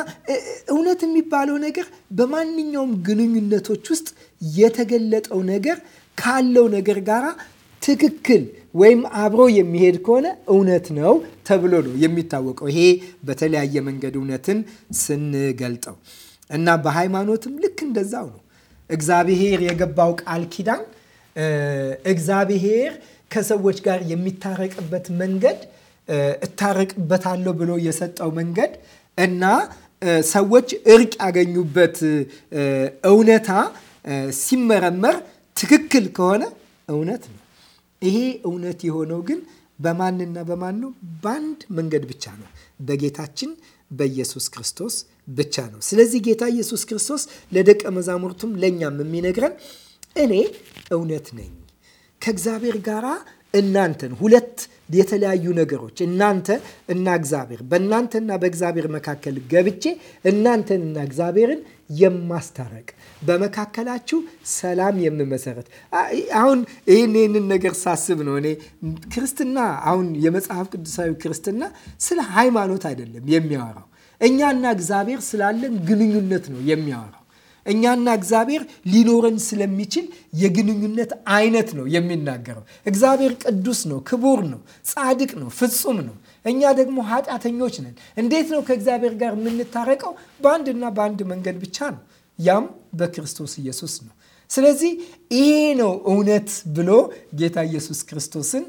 እውነት የሚባለው ነገር በማንኛውም ግንኙነቶች ውስጥ የተገለጠው ነገር ካለው ነገር ጋር ትክክል ወይም አብሮ የሚሄድ ከሆነ እውነት ነው ተብሎ ነው የሚታወቀው። ይሄ በተለያየ መንገድ እውነትን ስንገልጠው እና በሃይማኖትም ልክ እንደዛው ነው። እግዚአብሔር የገባው ቃል ኪዳን እግዚአብሔር ከሰዎች ጋር የሚታረቅበት መንገድ እታረቅበታለሁ ብሎ የሰጠው መንገድ እና ሰዎች እርቅ ያገኙበት እውነታ ሲመረመር ትክክል ከሆነ እውነት ነው። ይሄ እውነት የሆነው ግን በማንና በማን ነው? በአንድ መንገድ ብቻ ነው፣ በጌታችን በኢየሱስ ክርስቶስ ብቻ ነው። ስለዚህ ጌታ ኢየሱስ ክርስቶስ ለደቀ መዛሙርቱም ለእኛም የሚነግረን እኔ እውነት ነኝ ከእግዚአብሔር ጋር እናንተን ሁለት የተለያዩ ነገሮች እናንተ እና እግዚአብሔር በእናንተና በእግዚአብሔር መካከል ገብቼ እናንተንና እግዚአብሔርን የማስታረቅ በመካከላችሁ ሰላም የምመሰረት። አሁን ይህን ይህንን ነገር ሳስብ ነው እኔ ክርስትና አሁን የመጽሐፍ ቅዱሳዊ ክርስትና ስለ ሃይማኖት አይደለም የሚያወራው እኛና እግዚአብሔር ስላለን ግንኙነት ነው የሚያወራው። እኛና እግዚአብሔር ሊኖረን ስለሚችል የግንኙነት አይነት ነው የሚናገረው። እግዚአብሔር ቅዱስ ነው፣ ክቡር ነው፣ ጻድቅ ነው፣ ፍጹም ነው። እኛ ደግሞ ኃጢአተኞች ነን። እንዴት ነው ከእግዚአብሔር ጋር የምንታረቀው? በአንድና በአንድ መንገድ ብቻ ነው፣ ያም በክርስቶስ ኢየሱስ ነው። ስለዚህ ይሄ ነው እውነት ብሎ ጌታ ኢየሱስ ክርስቶስን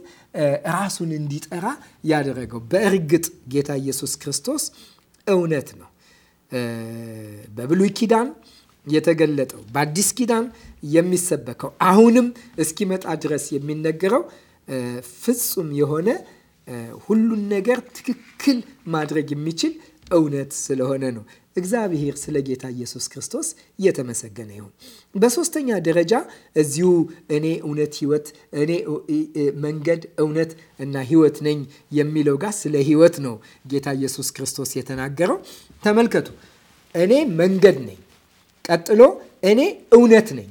ራሱን እንዲጠራ ያደረገው። በእርግጥ ጌታ ኢየሱስ ክርስቶስ እውነት ነው። በብሉይ ኪዳን የተገለጠው በአዲስ ኪዳን የሚሰበከው አሁንም እስኪመጣ ድረስ የሚነገረው ፍጹም የሆነ ሁሉን ነገር ትክክል ማድረግ የሚችል እውነት ስለሆነ ነው። እግዚአብሔር ስለ ጌታ ኢየሱስ ክርስቶስ እየተመሰገነ ይሁን። በሶስተኛ ደረጃ እዚሁ እኔ እውነት ህይወት እኔ መንገድ እውነት እና ህይወት ነኝ የሚለው ጋር ስለ ህይወት ነው ጌታ ኢየሱስ ክርስቶስ የተናገረው። ተመልከቱ፣ እኔ መንገድ ነኝ፣ ቀጥሎ እኔ እውነት ነኝ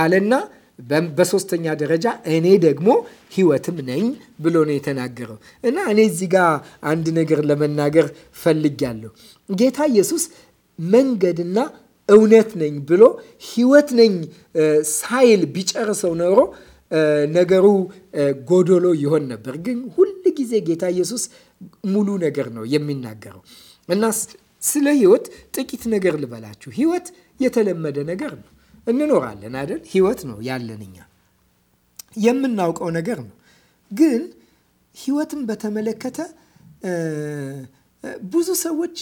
አለና በሶስተኛ ደረጃ እኔ ደግሞ ህይወትም ነኝ ብሎ ነው የተናገረው። እና እኔ እዚህ ጋር አንድ ነገር ለመናገር ፈልጊያለሁ። ጌታ ኢየሱስ መንገድና እውነት ነኝ ብሎ ህይወት ነኝ ሳይል ቢጨርሰው ኖሮ ነገሩ ጎዶሎ ይሆን ነበር። ግን ሁል ጊዜ ጌታ ኢየሱስ ሙሉ ነገር ነው የሚናገረው እና ስለ ህይወት ጥቂት ነገር ልበላችሁ። ህይወት የተለመደ ነገር ነው። እንኖራለን አይደል? ህይወት ነው ያለን እኛ የምናውቀው ነገር ነው። ግን ህይወትን በተመለከተ ብዙ ሰዎች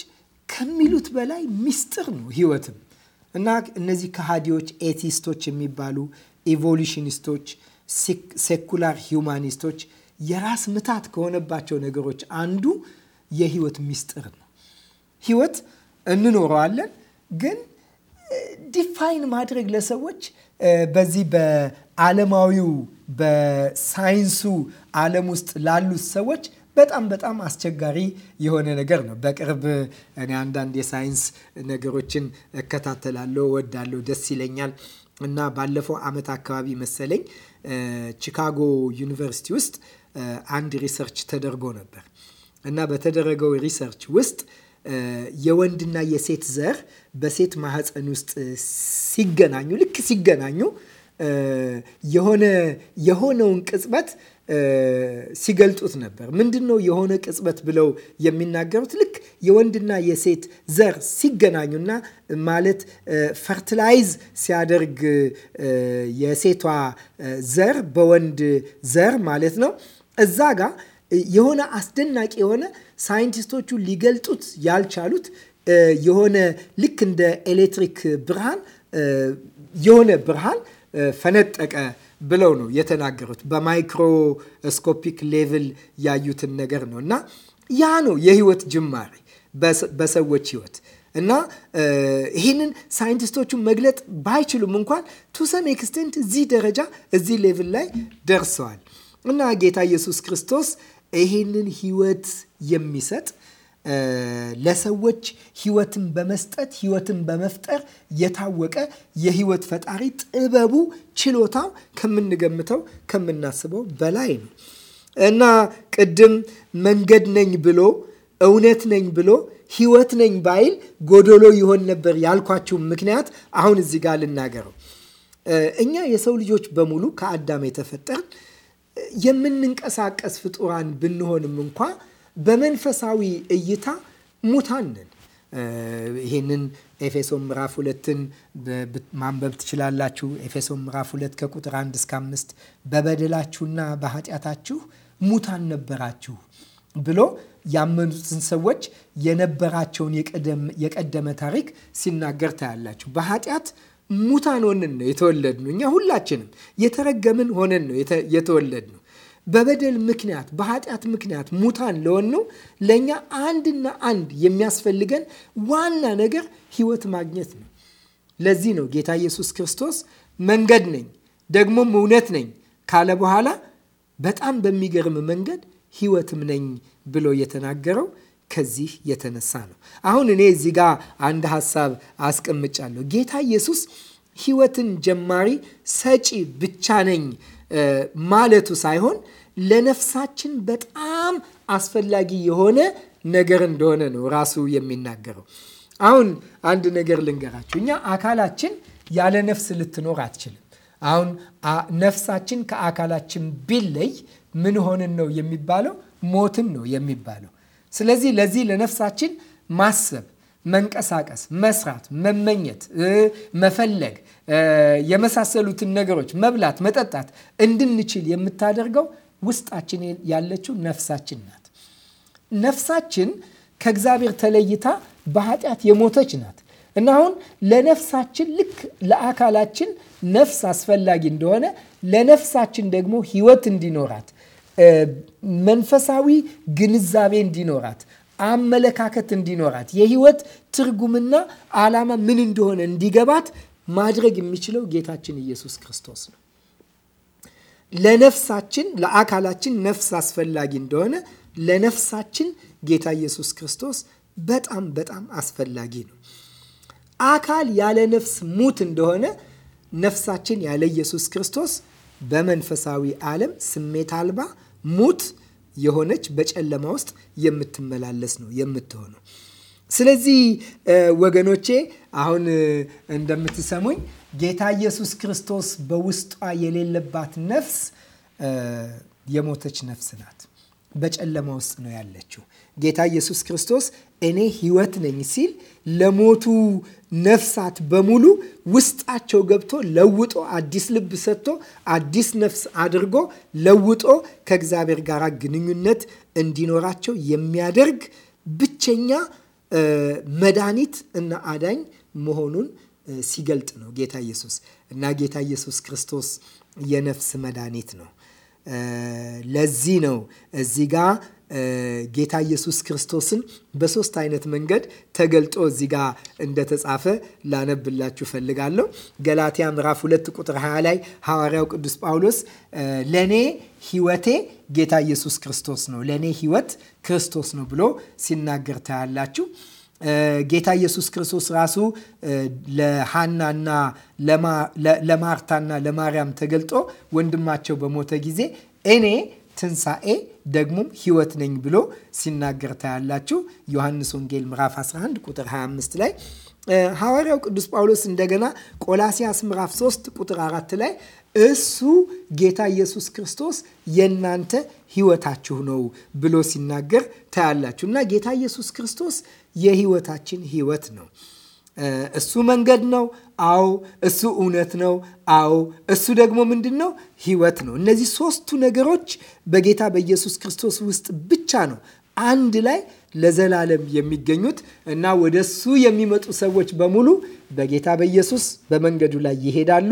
ከሚሉት በላይ ሚስጥር ነው ህይወትም እና እነዚህ ከሃዲዎች ኤቲስቶች የሚባሉ ኢቮሉሽኒስቶች፣ ሴኩላር ሂውማኒስቶች የራስ ምታት ከሆነባቸው ነገሮች አንዱ የህይወት ሚስጥር ነው። ህይወት እንኖረዋለን ግን ዲፋይን ማድረግ ለሰዎች በዚህ በዓለማዊው በሳይንሱ ዓለም ውስጥ ላሉት ሰዎች በጣም በጣም አስቸጋሪ የሆነ ነገር ነው። በቅርብ እኔ አንዳንድ የሳይንስ ነገሮችን እከታተላለሁ፣ ወዳለሁ፣ ደስ ይለኛል እና ባለፈው ዓመት አካባቢ መሰለኝ ቺካጎ ዩኒቨርሲቲ ውስጥ አንድ ሪሰርች ተደርጎ ነበር እና በተደረገው ሪሰርች ውስጥ የወንድና የሴት ዘር በሴት ማህፀን ውስጥ ሲገናኙ ልክ ሲገናኙ የሆነ የሆነውን ቅጽበት ሲገልጡት ነበር። ምንድን ነው የሆነ ቅጽበት ብለው የሚናገሩት? ልክ የወንድና የሴት ዘር ሲገናኙና ማለት ፈርትላይዝ ሲያደርግ የሴቷ ዘር በወንድ ዘር ማለት ነው እዛ ጋር የሆነ አስደናቂ የሆነ ሳይንቲስቶቹ ሊገልጡት ያልቻሉት የሆነ ልክ እንደ ኤሌክትሪክ ብርሃን የሆነ ብርሃን ፈነጠቀ ብለው ነው የተናገሩት። በማይክሮስኮፒክ ሌቭል ያዩትን ነገር ነው እና ያ ነው የህይወት ጅማሬ በሰዎች ህይወት እና ይህንን ሳይንቲስቶቹ መግለጥ ባይችሉም እንኳን ቱሰም ኤክስቴንት እዚህ ደረጃ እዚህ ሌቭል ላይ ደርሰዋል እና ጌታ ኢየሱስ ክርስቶስ ይሄንን ህይወት የሚሰጥ ለሰዎች ህይወትን በመስጠት ህይወትን በመፍጠር የታወቀ የህይወት ፈጣሪ ጥበቡ፣ ችሎታው ከምንገምተው ከምናስበው በላይ ነው እና ቅድም መንገድ ነኝ ብሎ እውነት ነኝ ብሎ ህይወት ነኝ ባይል ጎዶሎ ይሆን ነበር ያልኳችሁ ምክንያት አሁን እዚህ ጋር ልናገረው። እኛ የሰው ልጆች በሙሉ ከአዳም የተፈጠርን የምንንቀሳቀስ ፍጡራን ብንሆንም እንኳ በመንፈሳዊ እይታ ሙታን ነን። ይህንን ኤፌሶን ምዕራፍ ሁለትን ማንበብ ትችላላችሁ። ኤፌሶን ምዕራፍ ሁለት ከቁጥር አንድ እስከ አምስት በበደላችሁና በኃጢአታችሁ ሙታን ነበራችሁ ብሎ ያመኑትን ሰዎች የነበራቸውን የቀደመ ታሪክ ሲናገር ታያላችሁ። በኃጢአት ሙታን ሆነን ነው የተወለድነው። እኛ ሁላችንም የተረገምን ሆነን ነው የተወለድነው። በበደል ምክንያት በኃጢአት ምክንያት ሙታን ለሆንነው ለእኛ አንድና አንድ የሚያስፈልገን ዋና ነገር ህይወት ማግኘት ነው። ለዚህ ነው ጌታ ኢየሱስ ክርስቶስ መንገድ ነኝ ደግሞም እውነት ነኝ ካለ በኋላ በጣም በሚገርም መንገድ ህይወትም ነኝ ብሎ የተናገረው ከዚህ የተነሳ ነው። አሁን እኔ እዚህ ጋር አንድ ሀሳብ አስቀምጫለሁ። ጌታ ኢየሱስ ሕይወትን ጀማሪ ሰጪ ብቻ ነኝ ማለቱ ሳይሆን ለነፍሳችን በጣም አስፈላጊ የሆነ ነገር እንደሆነ ነው ራሱ የሚናገረው። አሁን አንድ ነገር ልንገራችሁ። እኛ አካላችን ያለ ነፍስ ልትኖር አትችልም። አሁን ነፍሳችን ከአካላችን ቢለይ ምን ሆንን ነው የሚባለው? ሞትን ነው የሚባለው። ስለዚህ ለዚህ ለነፍሳችን ማሰብ፣ መንቀሳቀስ፣ መስራት፣ መመኘት፣ መፈለግ የመሳሰሉትን ነገሮች መብላት፣ መጠጣት እንድንችል የምታደርገው ውስጣችን ያለችው ነፍሳችን ናት። ነፍሳችን ከእግዚአብሔር ተለይታ በኃጢአት የሞተች ናት እና አሁን ለነፍሳችን ልክ ለአካላችን ነፍስ አስፈላጊ እንደሆነ ለነፍሳችን ደግሞ ሕይወት እንዲኖራት መንፈሳዊ ግንዛቤ እንዲኖራት አመለካከት እንዲኖራት የህይወት ትርጉምና ዓላማ ምን እንደሆነ እንዲገባት ማድረግ የሚችለው ጌታችን ኢየሱስ ክርስቶስ ነው። ለነፍሳችን ለአካላችን ነፍስ አስፈላጊ እንደሆነ ለነፍሳችን ጌታ ኢየሱስ ክርስቶስ በጣም በጣም አስፈላጊ ነው። አካል ያለ ነፍስ ሙት እንደሆነ ነፍሳችን ያለ ኢየሱስ ክርስቶስ በመንፈሳዊ ዓለም ስሜት አልባ ሙት የሆነች በጨለማ ውስጥ የምትመላለስ ነው የምትሆነው። ስለዚህ ወገኖቼ አሁን እንደምትሰሙኝ ጌታ ኢየሱስ ክርስቶስ በውስጧ የሌለባት ነፍስ የሞተች ነፍስ ናት። በጨለማ ውስጥ ነው ያለችው። ጌታ ኢየሱስ ክርስቶስ እኔ ህይወት ነኝ ሲል ለሞቱ ነፍሳት በሙሉ ውስጣቸው ገብቶ ለውጦ አዲስ ልብ ሰጥቶ አዲስ ነፍስ አድርጎ ለውጦ ከእግዚአብሔር ጋር ግንኙነት እንዲኖራቸው የሚያደርግ ብቸኛ መድኃኒት እና አዳኝ መሆኑን ሲገልጥ ነው ጌታ ኢየሱስ እና ጌታ ኢየሱስ ክርስቶስ የነፍስ መድኃኒት ነው። ለዚህ ነው እዚህ ጋ ጌታ ኢየሱስ ክርስቶስን በሶስት አይነት መንገድ ተገልጦ እዚህ ጋ እንደተጻፈ ላነብላችሁ ፈልጋለሁ። ገላትያ ምዕራፍ ሁለት ቁጥር 20 ላይ ሐዋርያው ቅዱስ ጳውሎስ ለእኔ ሕይወቴ ጌታ ኢየሱስ ክርስቶስ ነው፣ ለእኔ ሕይወት ክርስቶስ ነው ብሎ ሲናገር ታያላችሁ። ጌታ ኢየሱስ ክርስቶስ ራሱ ለሃናና ለማርታና ለማርያም ተገልጦ ወንድማቸው በሞተ ጊዜ እኔ ትንሣኤ ደግሞም ሕይወት ነኝ ብሎ ሲናገር ታያላችሁ። ዮሐንስ ወንጌል ምዕራፍ 11 ቁጥር 25 ላይ ሐዋርያው ቅዱስ ጳውሎስ እንደገና ቆላሲያስ ምዕራፍ 3 ቁጥር 4 ላይ እሱ ጌታ ኢየሱስ ክርስቶስ የእናንተ ሕይወታችሁ ነው ብሎ ሲናገር ታያላችሁ እና ጌታ ኢየሱስ ክርስቶስ የህይወታችን ህይወት ነው። እሱ መንገድ ነው። አዎ፣ እሱ እውነት ነው። አዎ፣ እሱ ደግሞ ምንድን ነው? ህይወት ነው። እነዚህ ሶስቱ ነገሮች በጌታ በኢየሱስ ክርስቶስ ውስጥ ብቻ ነው አንድ ላይ ለዘላለም የሚገኙት እና ወደ እሱ የሚመጡ ሰዎች በሙሉ በጌታ በኢየሱስ በመንገዱ ላይ ይሄዳሉ።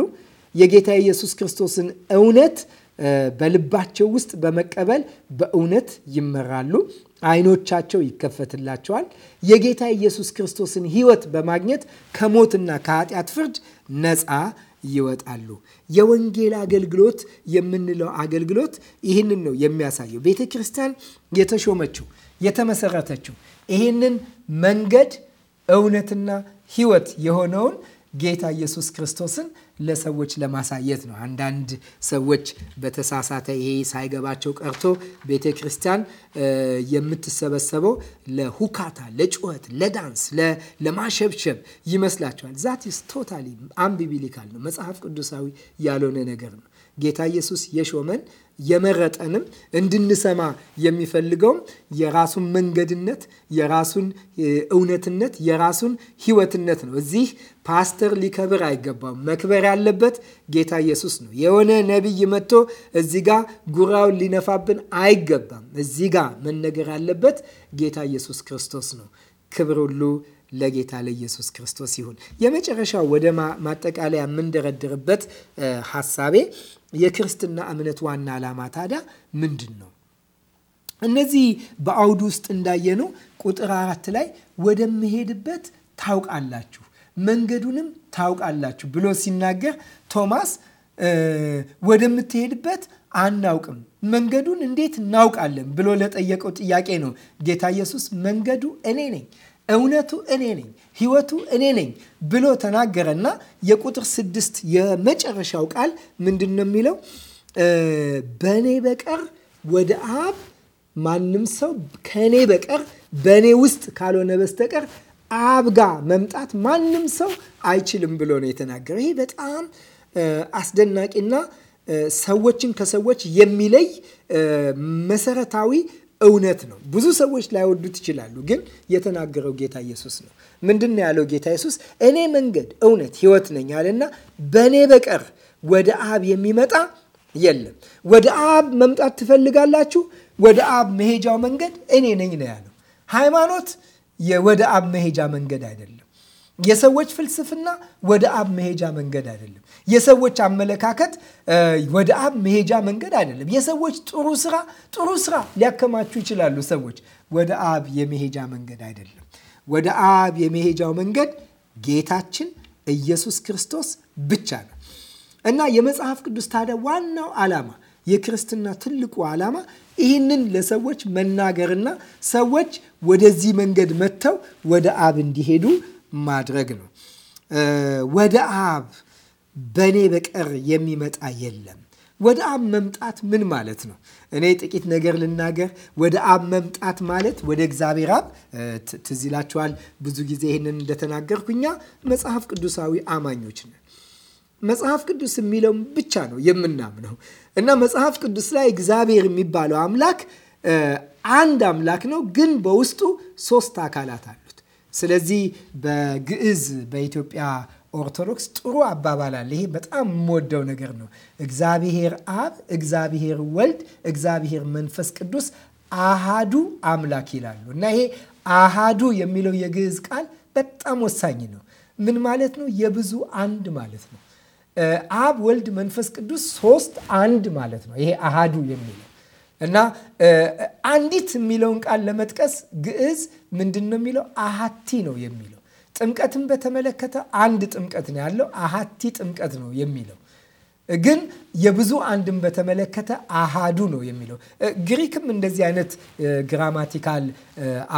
የጌታ ኢየሱስ ክርስቶስን እውነት በልባቸው ውስጥ በመቀበል በእውነት ይመራሉ። አይኖቻቸው ይከፈትላቸዋል። የጌታ ኢየሱስ ክርስቶስን ሕይወት በማግኘት ከሞትና ከኃጢአት ፍርድ ነፃ ይወጣሉ። የወንጌል አገልግሎት የምንለው አገልግሎት ይህንን ነው የሚያሳየው። ቤተ ክርስቲያን የተሾመችው የተመሰረተችው ይህንን መንገድ እውነትና ሕይወት የሆነውን ጌታ ኢየሱስ ክርስቶስን ለሰዎች ለማሳየት ነው። አንዳንድ ሰዎች በተሳሳተ ይሄ ሳይገባቸው ቀርቶ ቤተ ክርስቲያን የምትሰበሰበው ለሁካታ፣ ለጩኸት፣ ለዳንስ፣ ለማሸብሸብ ይመስላቸዋል። ዛት ቶታሊ አምቢቢሊካል ነው፣ መጽሐፍ ቅዱሳዊ ያልሆነ ነገር ነው። ጌታ ኢየሱስ የሾመን የመረጠንም እንድንሰማ የሚፈልገውም የራሱን መንገድነት፣ የራሱን እውነትነት፣ የራሱን ህይወትነት ነው። እዚህ ፓስተር ሊከብር አይገባም። መክበር ያለበት ጌታ ኢየሱስ ነው። የሆነ ነቢይ መጥቶ እዚህ ጋ ጉራውን ሊነፋብን አይገባም። እዚህ ጋ መነገር ያለበት ጌታ ኢየሱስ ክርስቶስ ነው። ክብር ሁሉ ለጌታ ለኢየሱስ ክርስቶስ ይሁን። የመጨረሻው ወደ ማጠቃለያ የምንደረድርበት ሀሳቤ የክርስትና እምነት ዋና ዓላማ ታዲያ ምንድን ነው? እነዚህ በአውድ ውስጥ እንዳየነው ቁጥር አራት ላይ ወደምሄድበት ታውቃላችሁ መንገዱንም ታውቃላችሁ ብሎ ሲናገር ቶማስ ወደምትሄድበት አናውቅም፣ መንገዱን እንዴት እናውቃለን ብሎ ለጠየቀው ጥያቄ ነው ጌታ ኢየሱስ መንገዱ እኔ ነኝ፣ እውነቱ እኔ ነኝ፣ ህይወቱ እኔ ነኝ ብሎ ተናገረና የቁጥር ስድስት የመጨረሻው ቃል ምንድን ነው የሚለው? በእኔ በቀር ወደ አብ ማንም ሰው ከእኔ በቀር በእኔ ውስጥ ካልሆነ በስተቀር አብ መምጣት ማንም ሰው አይችልም ብሎ ነው የተናገረው። ይሄ በጣም አስደናቂና ሰዎችን ከሰዎች የሚለይ መሰረታዊ እውነት ነው። ብዙ ሰዎች ላይወዱት ይችላሉ፣ ግን የተናገረው ጌታ ኢየሱስ ነው። ምንድን ነው ያለው ጌታ ኢየሱስ? እኔ መንገድ፣ እውነት፣ ህይወት ነኝ አለና በእኔ በቀር ወደ አብ የሚመጣ የለም። ወደ አብ መምጣት ትፈልጋላችሁ? ወደ አብ መሄጃው መንገድ እኔ ነኝ ነው ያለው። ሃይማኖት ወደ አብ መሄጃ መንገድ አይደለም። የሰዎች ፍልስፍና ወደ አብ መሄጃ መንገድ አይደለም። የሰዎች አመለካከት ወደ አብ መሄጃ መንገድ አይደለም። የሰዎች ጥሩ ስራ ጥሩ ስራ ሊያከማቹ ይችላሉ። ሰዎች ወደ አብ የመሄጃ መንገድ አይደለም። ወደ አብ የመሄጃው መንገድ ጌታችን ኢየሱስ ክርስቶስ ብቻ ነው እና የመጽሐፍ ቅዱስ ታዲያ ዋናው ዓላማ የክርስትና ትልቁ ዓላማ ይህንን ለሰዎች መናገርና ሰዎች ወደዚህ መንገድ መጥተው ወደ አብ እንዲሄዱ ማድረግ ነው። ወደ አብ በእኔ በቀር የሚመጣ የለም። ወደ አብ መምጣት ምን ማለት ነው? እኔ ጥቂት ነገር ልናገር። ወደ አብ መምጣት ማለት ወደ እግዚአብሔር አብ ትዝ ይላችኋል፣ ብዙ ጊዜ ይህንን እንደተናገርኩ እኛ መጽሐፍ ቅዱሳዊ አማኞች ነን። መጽሐፍ ቅዱስ የሚለውም ብቻ ነው የምናምነው እና መጽሐፍ ቅዱስ ላይ እግዚአብሔር የሚባለው አምላክ አንድ አምላክ ነው፣ ግን በውስጡ ሶስት አካላት አሉት። ስለዚህ በግዕዝ በኢትዮጵያ ኦርቶዶክስ ጥሩ አባባል አለ። ይሄ በጣም የምወደው ነገር ነው። እግዚአብሔር አብ፣ እግዚአብሔር ወልድ፣ እግዚአብሔር መንፈስ ቅዱስ አሃዱ አምላክ ይላሉ እና ይሄ አሃዱ የሚለው የግዕዝ ቃል በጣም ወሳኝ ነው። ምን ማለት ነው? የብዙ አንድ ማለት ነው። አብ፣ ወልድ፣ መንፈስ ቅዱስ ሶስት አንድ ማለት ነው። ይሄ አሃዱ የሚለው እና አንዲት የሚለውን ቃል ለመጥቀስ ግዕዝ ምንድን ነው የሚለው? አሃቲ ነው የሚለው ጥምቀትን በተመለከተ አንድ ጥምቀት ነው ያለው። አሃቲ ጥምቀት ነው የሚለው ግን የብዙ አንድን በተመለከተ አሃዱ ነው የሚለው። ግሪክም እንደዚህ አይነት ግራማቲካል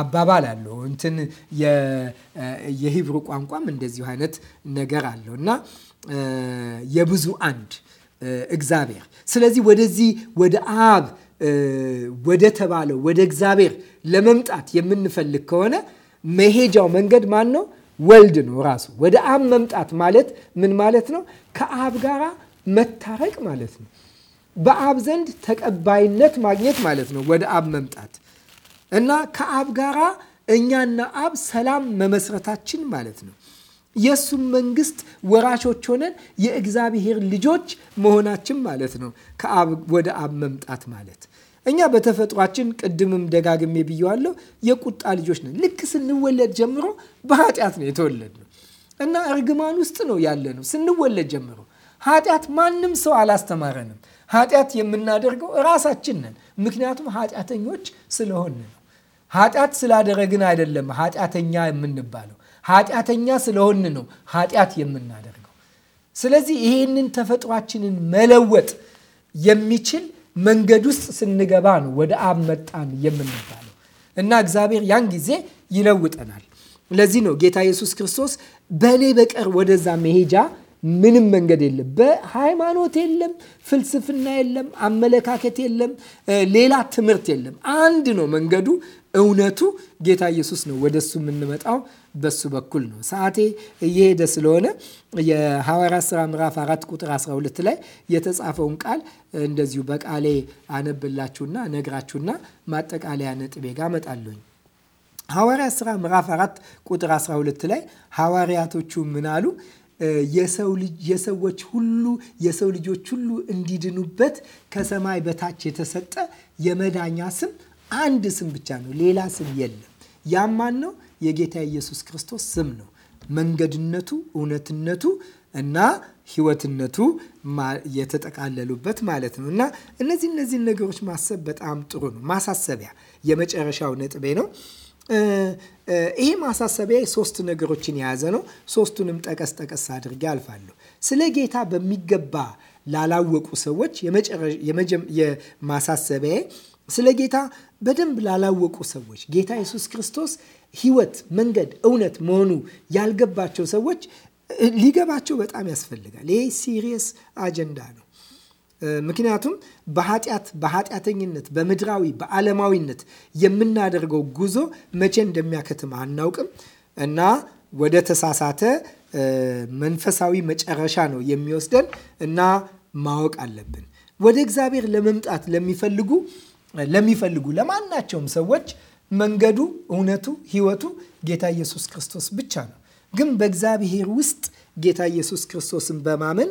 አባባል አለው። እንትን የሂብሩ ቋንቋም እንደዚሁ አይነት ነገር አለው እና የብዙ አንድ እግዚአብሔር ስለዚህ ወደዚህ ወደ አብ ወደ ተባለው ወደ እግዚአብሔር ለመምጣት የምንፈልግ ከሆነ መሄጃው መንገድ ማን ነው? ወልድ ነው ራሱ። ወደ አብ መምጣት ማለት ምን ማለት ነው? ከአብ ጋራ መታረቅ ማለት ነው። በአብ ዘንድ ተቀባይነት ማግኘት ማለት ነው ወደ አብ መምጣት እና ከአብ ጋራ እኛና አብ ሰላም መመስረታችን ማለት ነው። የእሱም መንግስት ወራሾች ሆነን የእግዚአብሔር ልጆች መሆናችን ማለት ነው። ከአብ ወደ አብ መምጣት ማለት እኛ በተፈጥሯችን ቅድምም ደጋግሜ ብየዋለሁ የቁጣ ልጆች ነን። ልክ ስንወለድ ጀምሮ በኃጢአት ነው የተወለድነው እና እርግማን ውስጥ ነው ያለነው ስንወለድ ጀምሮ። ኃጢአት ማንም ሰው አላስተማረንም። ኃጢአት የምናደርገው ራሳችን ነን፣ ምክንያቱም ኃጢአተኞች ስለሆን ነው። ኃጢአት ስላደረግን አይደለም ኃጢአተኛ የምንባለው፣ ኃጢአተኛ ስለሆን ነው ኃጢአት የምናደርገው። ስለዚህ ይሄንን ተፈጥሯችንን መለወጥ የሚችል መንገድ ውስጥ ስንገባ ነው ወደ አብ መጣን የምንባለው እና እግዚአብሔር ያን ጊዜ ይለውጠናል። ለዚህ ነው ጌታ ኢየሱስ ክርስቶስ በእኔ በቀር ወደዛ መሄጃ ምንም መንገድ የለም። በሃይማኖት የለም፣ ፍልስፍና የለም፣ አመለካከት የለም፣ ሌላ ትምህርት የለም። አንድ ነው መንገዱ፣ እውነቱ ጌታ ኢየሱስ ነው። ወደሱ የምንመጣው በሱ በኩል ነው። ሰዓቴ እየሄደ ስለሆነ የሐዋርያት ሥራ ምዕራፍ አራት ቁጥር 12 ላይ የተጻፈውን ቃል እንደዚሁ በቃሌ አነብላችሁና ነግራችሁና ማጠቃለያ ነጥቤ ጋር እመጣለሁኝ። ሐዋርያት ሥራ ምዕራፍ አራት ቁጥር 12 ላይ ሐዋርያቶቹ ምን አሉ? የሰዎች ሁሉ የሰው ልጆች ሁሉ እንዲድኑበት ከሰማይ በታች የተሰጠ የመዳኛ ስም አንድ ስም ብቻ ነው። ሌላ ስም የለም። ያም ማን ነው? የጌታ ኢየሱስ ክርስቶስ ስም ነው። መንገድነቱ፣ እውነትነቱ እና ህይወትነቱ የተጠቃለሉበት ማለት ነው። እና እነዚህ እነዚህን ነገሮች ማሰብ በጣም ጥሩ ነው። ማሳሰቢያ የመጨረሻው ነጥቤ ነው። ይሄ ማሳሰቢያ ሶስት ነገሮችን የያዘ ነው። ሶስቱንም ጠቀስ ጠቀስ አድርጌ አልፋለሁ። ስለ ጌታ በሚገባ ላላወቁ ሰዎች የማሳሰቢያ ስለ ጌታ በደንብ ላላወቁ ሰዎች ጌታ ኢየሱስ ክርስቶስ ሕይወት፣ መንገድ፣ እውነት መሆኑ ያልገባቸው ሰዎች ሊገባቸው በጣም ያስፈልጋል። ይሄ ሲሪየስ አጀንዳ ነው። ምክንያቱም በኃጢአት በኃጢአተኝነት በምድራዊ በዓለማዊነት የምናደርገው ጉዞ መቼ እንደሚያከትም አናውቅም እና ወደ ተሳሳተ መንፈሳዊ መጨረሻ ነው የሚወስደን እና ማወቅ አለብን። ወደ እግዚአብሔር ለመምጣት ለሚፈልጉ ለሚፈልጉ ለማናቸውም ሰዎች መንገዱ፣ እውነቱ፣ ህይወቱ ጌታ ኢየሱስ ክርስቶስ ብቻ ነው። ግን በእግዚአብሔር ውስጥ ጌታ ኢየሱስ ክርስቶስን በማመን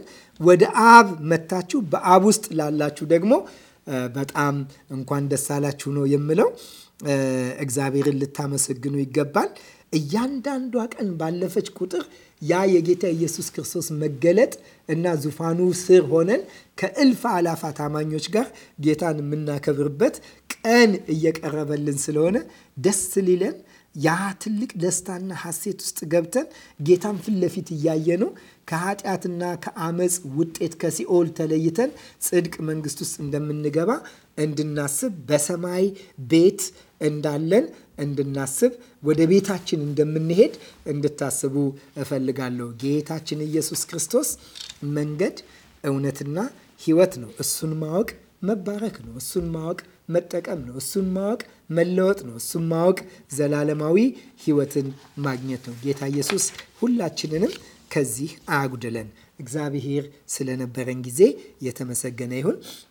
ወደ አብ መታችሁ በአብ ውስጥ ላላችሁ ደግሞ በጣም እንኳን ደስ አላችሁ ነው የምለው። እግዚአብሔርን ልታመሰግኑ ይገባል። እያንዳንዷ ቀን ባለፈች ቁጥር ያ የጌታ ኢየሱስ ክርስቶስ መገለጥ እና ዙፋኑ ስር ሆነን ከእልፍ አላፋት አማኞች ጋር ጌታን የምናከብርበት ቀን እየቀረበልን ስለሆነ ደስ ሊለን ያ ትልቅ ደስታና ሐሴት ውስጥ ገብተን ጌታን ፊት ለፊት እያየ ነው ከኃጢአትና ከአመፅ ውጤት ከሲኦል ተለይተን ጽድቅ መንግስት ውስጥ እንደምንገባ እንድናስብ በሰማይ ቤት እንዳለን እንድናስብ ወደ ቤታችን እንደምንሄድ እንድታስቡ እፈልጋለሁ። ጌታችን ኢየሱስ ክርስቶስ መንገድ፣ እውነትና ሕይወት ነው። እሱን ማወቅ መባረክ ነው። እሱን ማወቅ መጠቀም ነው። እሱን ማወቅ መለወጥ ነው። እሱም ማወቅ ዘላለማዊ ህይወትን ማግኘት ነው። ጌታ ኢየሱስ ሁላችንንም ከዚህ አያጉድለን። እግዚአብሔር ስለነበረን ጊዜ የተመሰገነ ይሁን።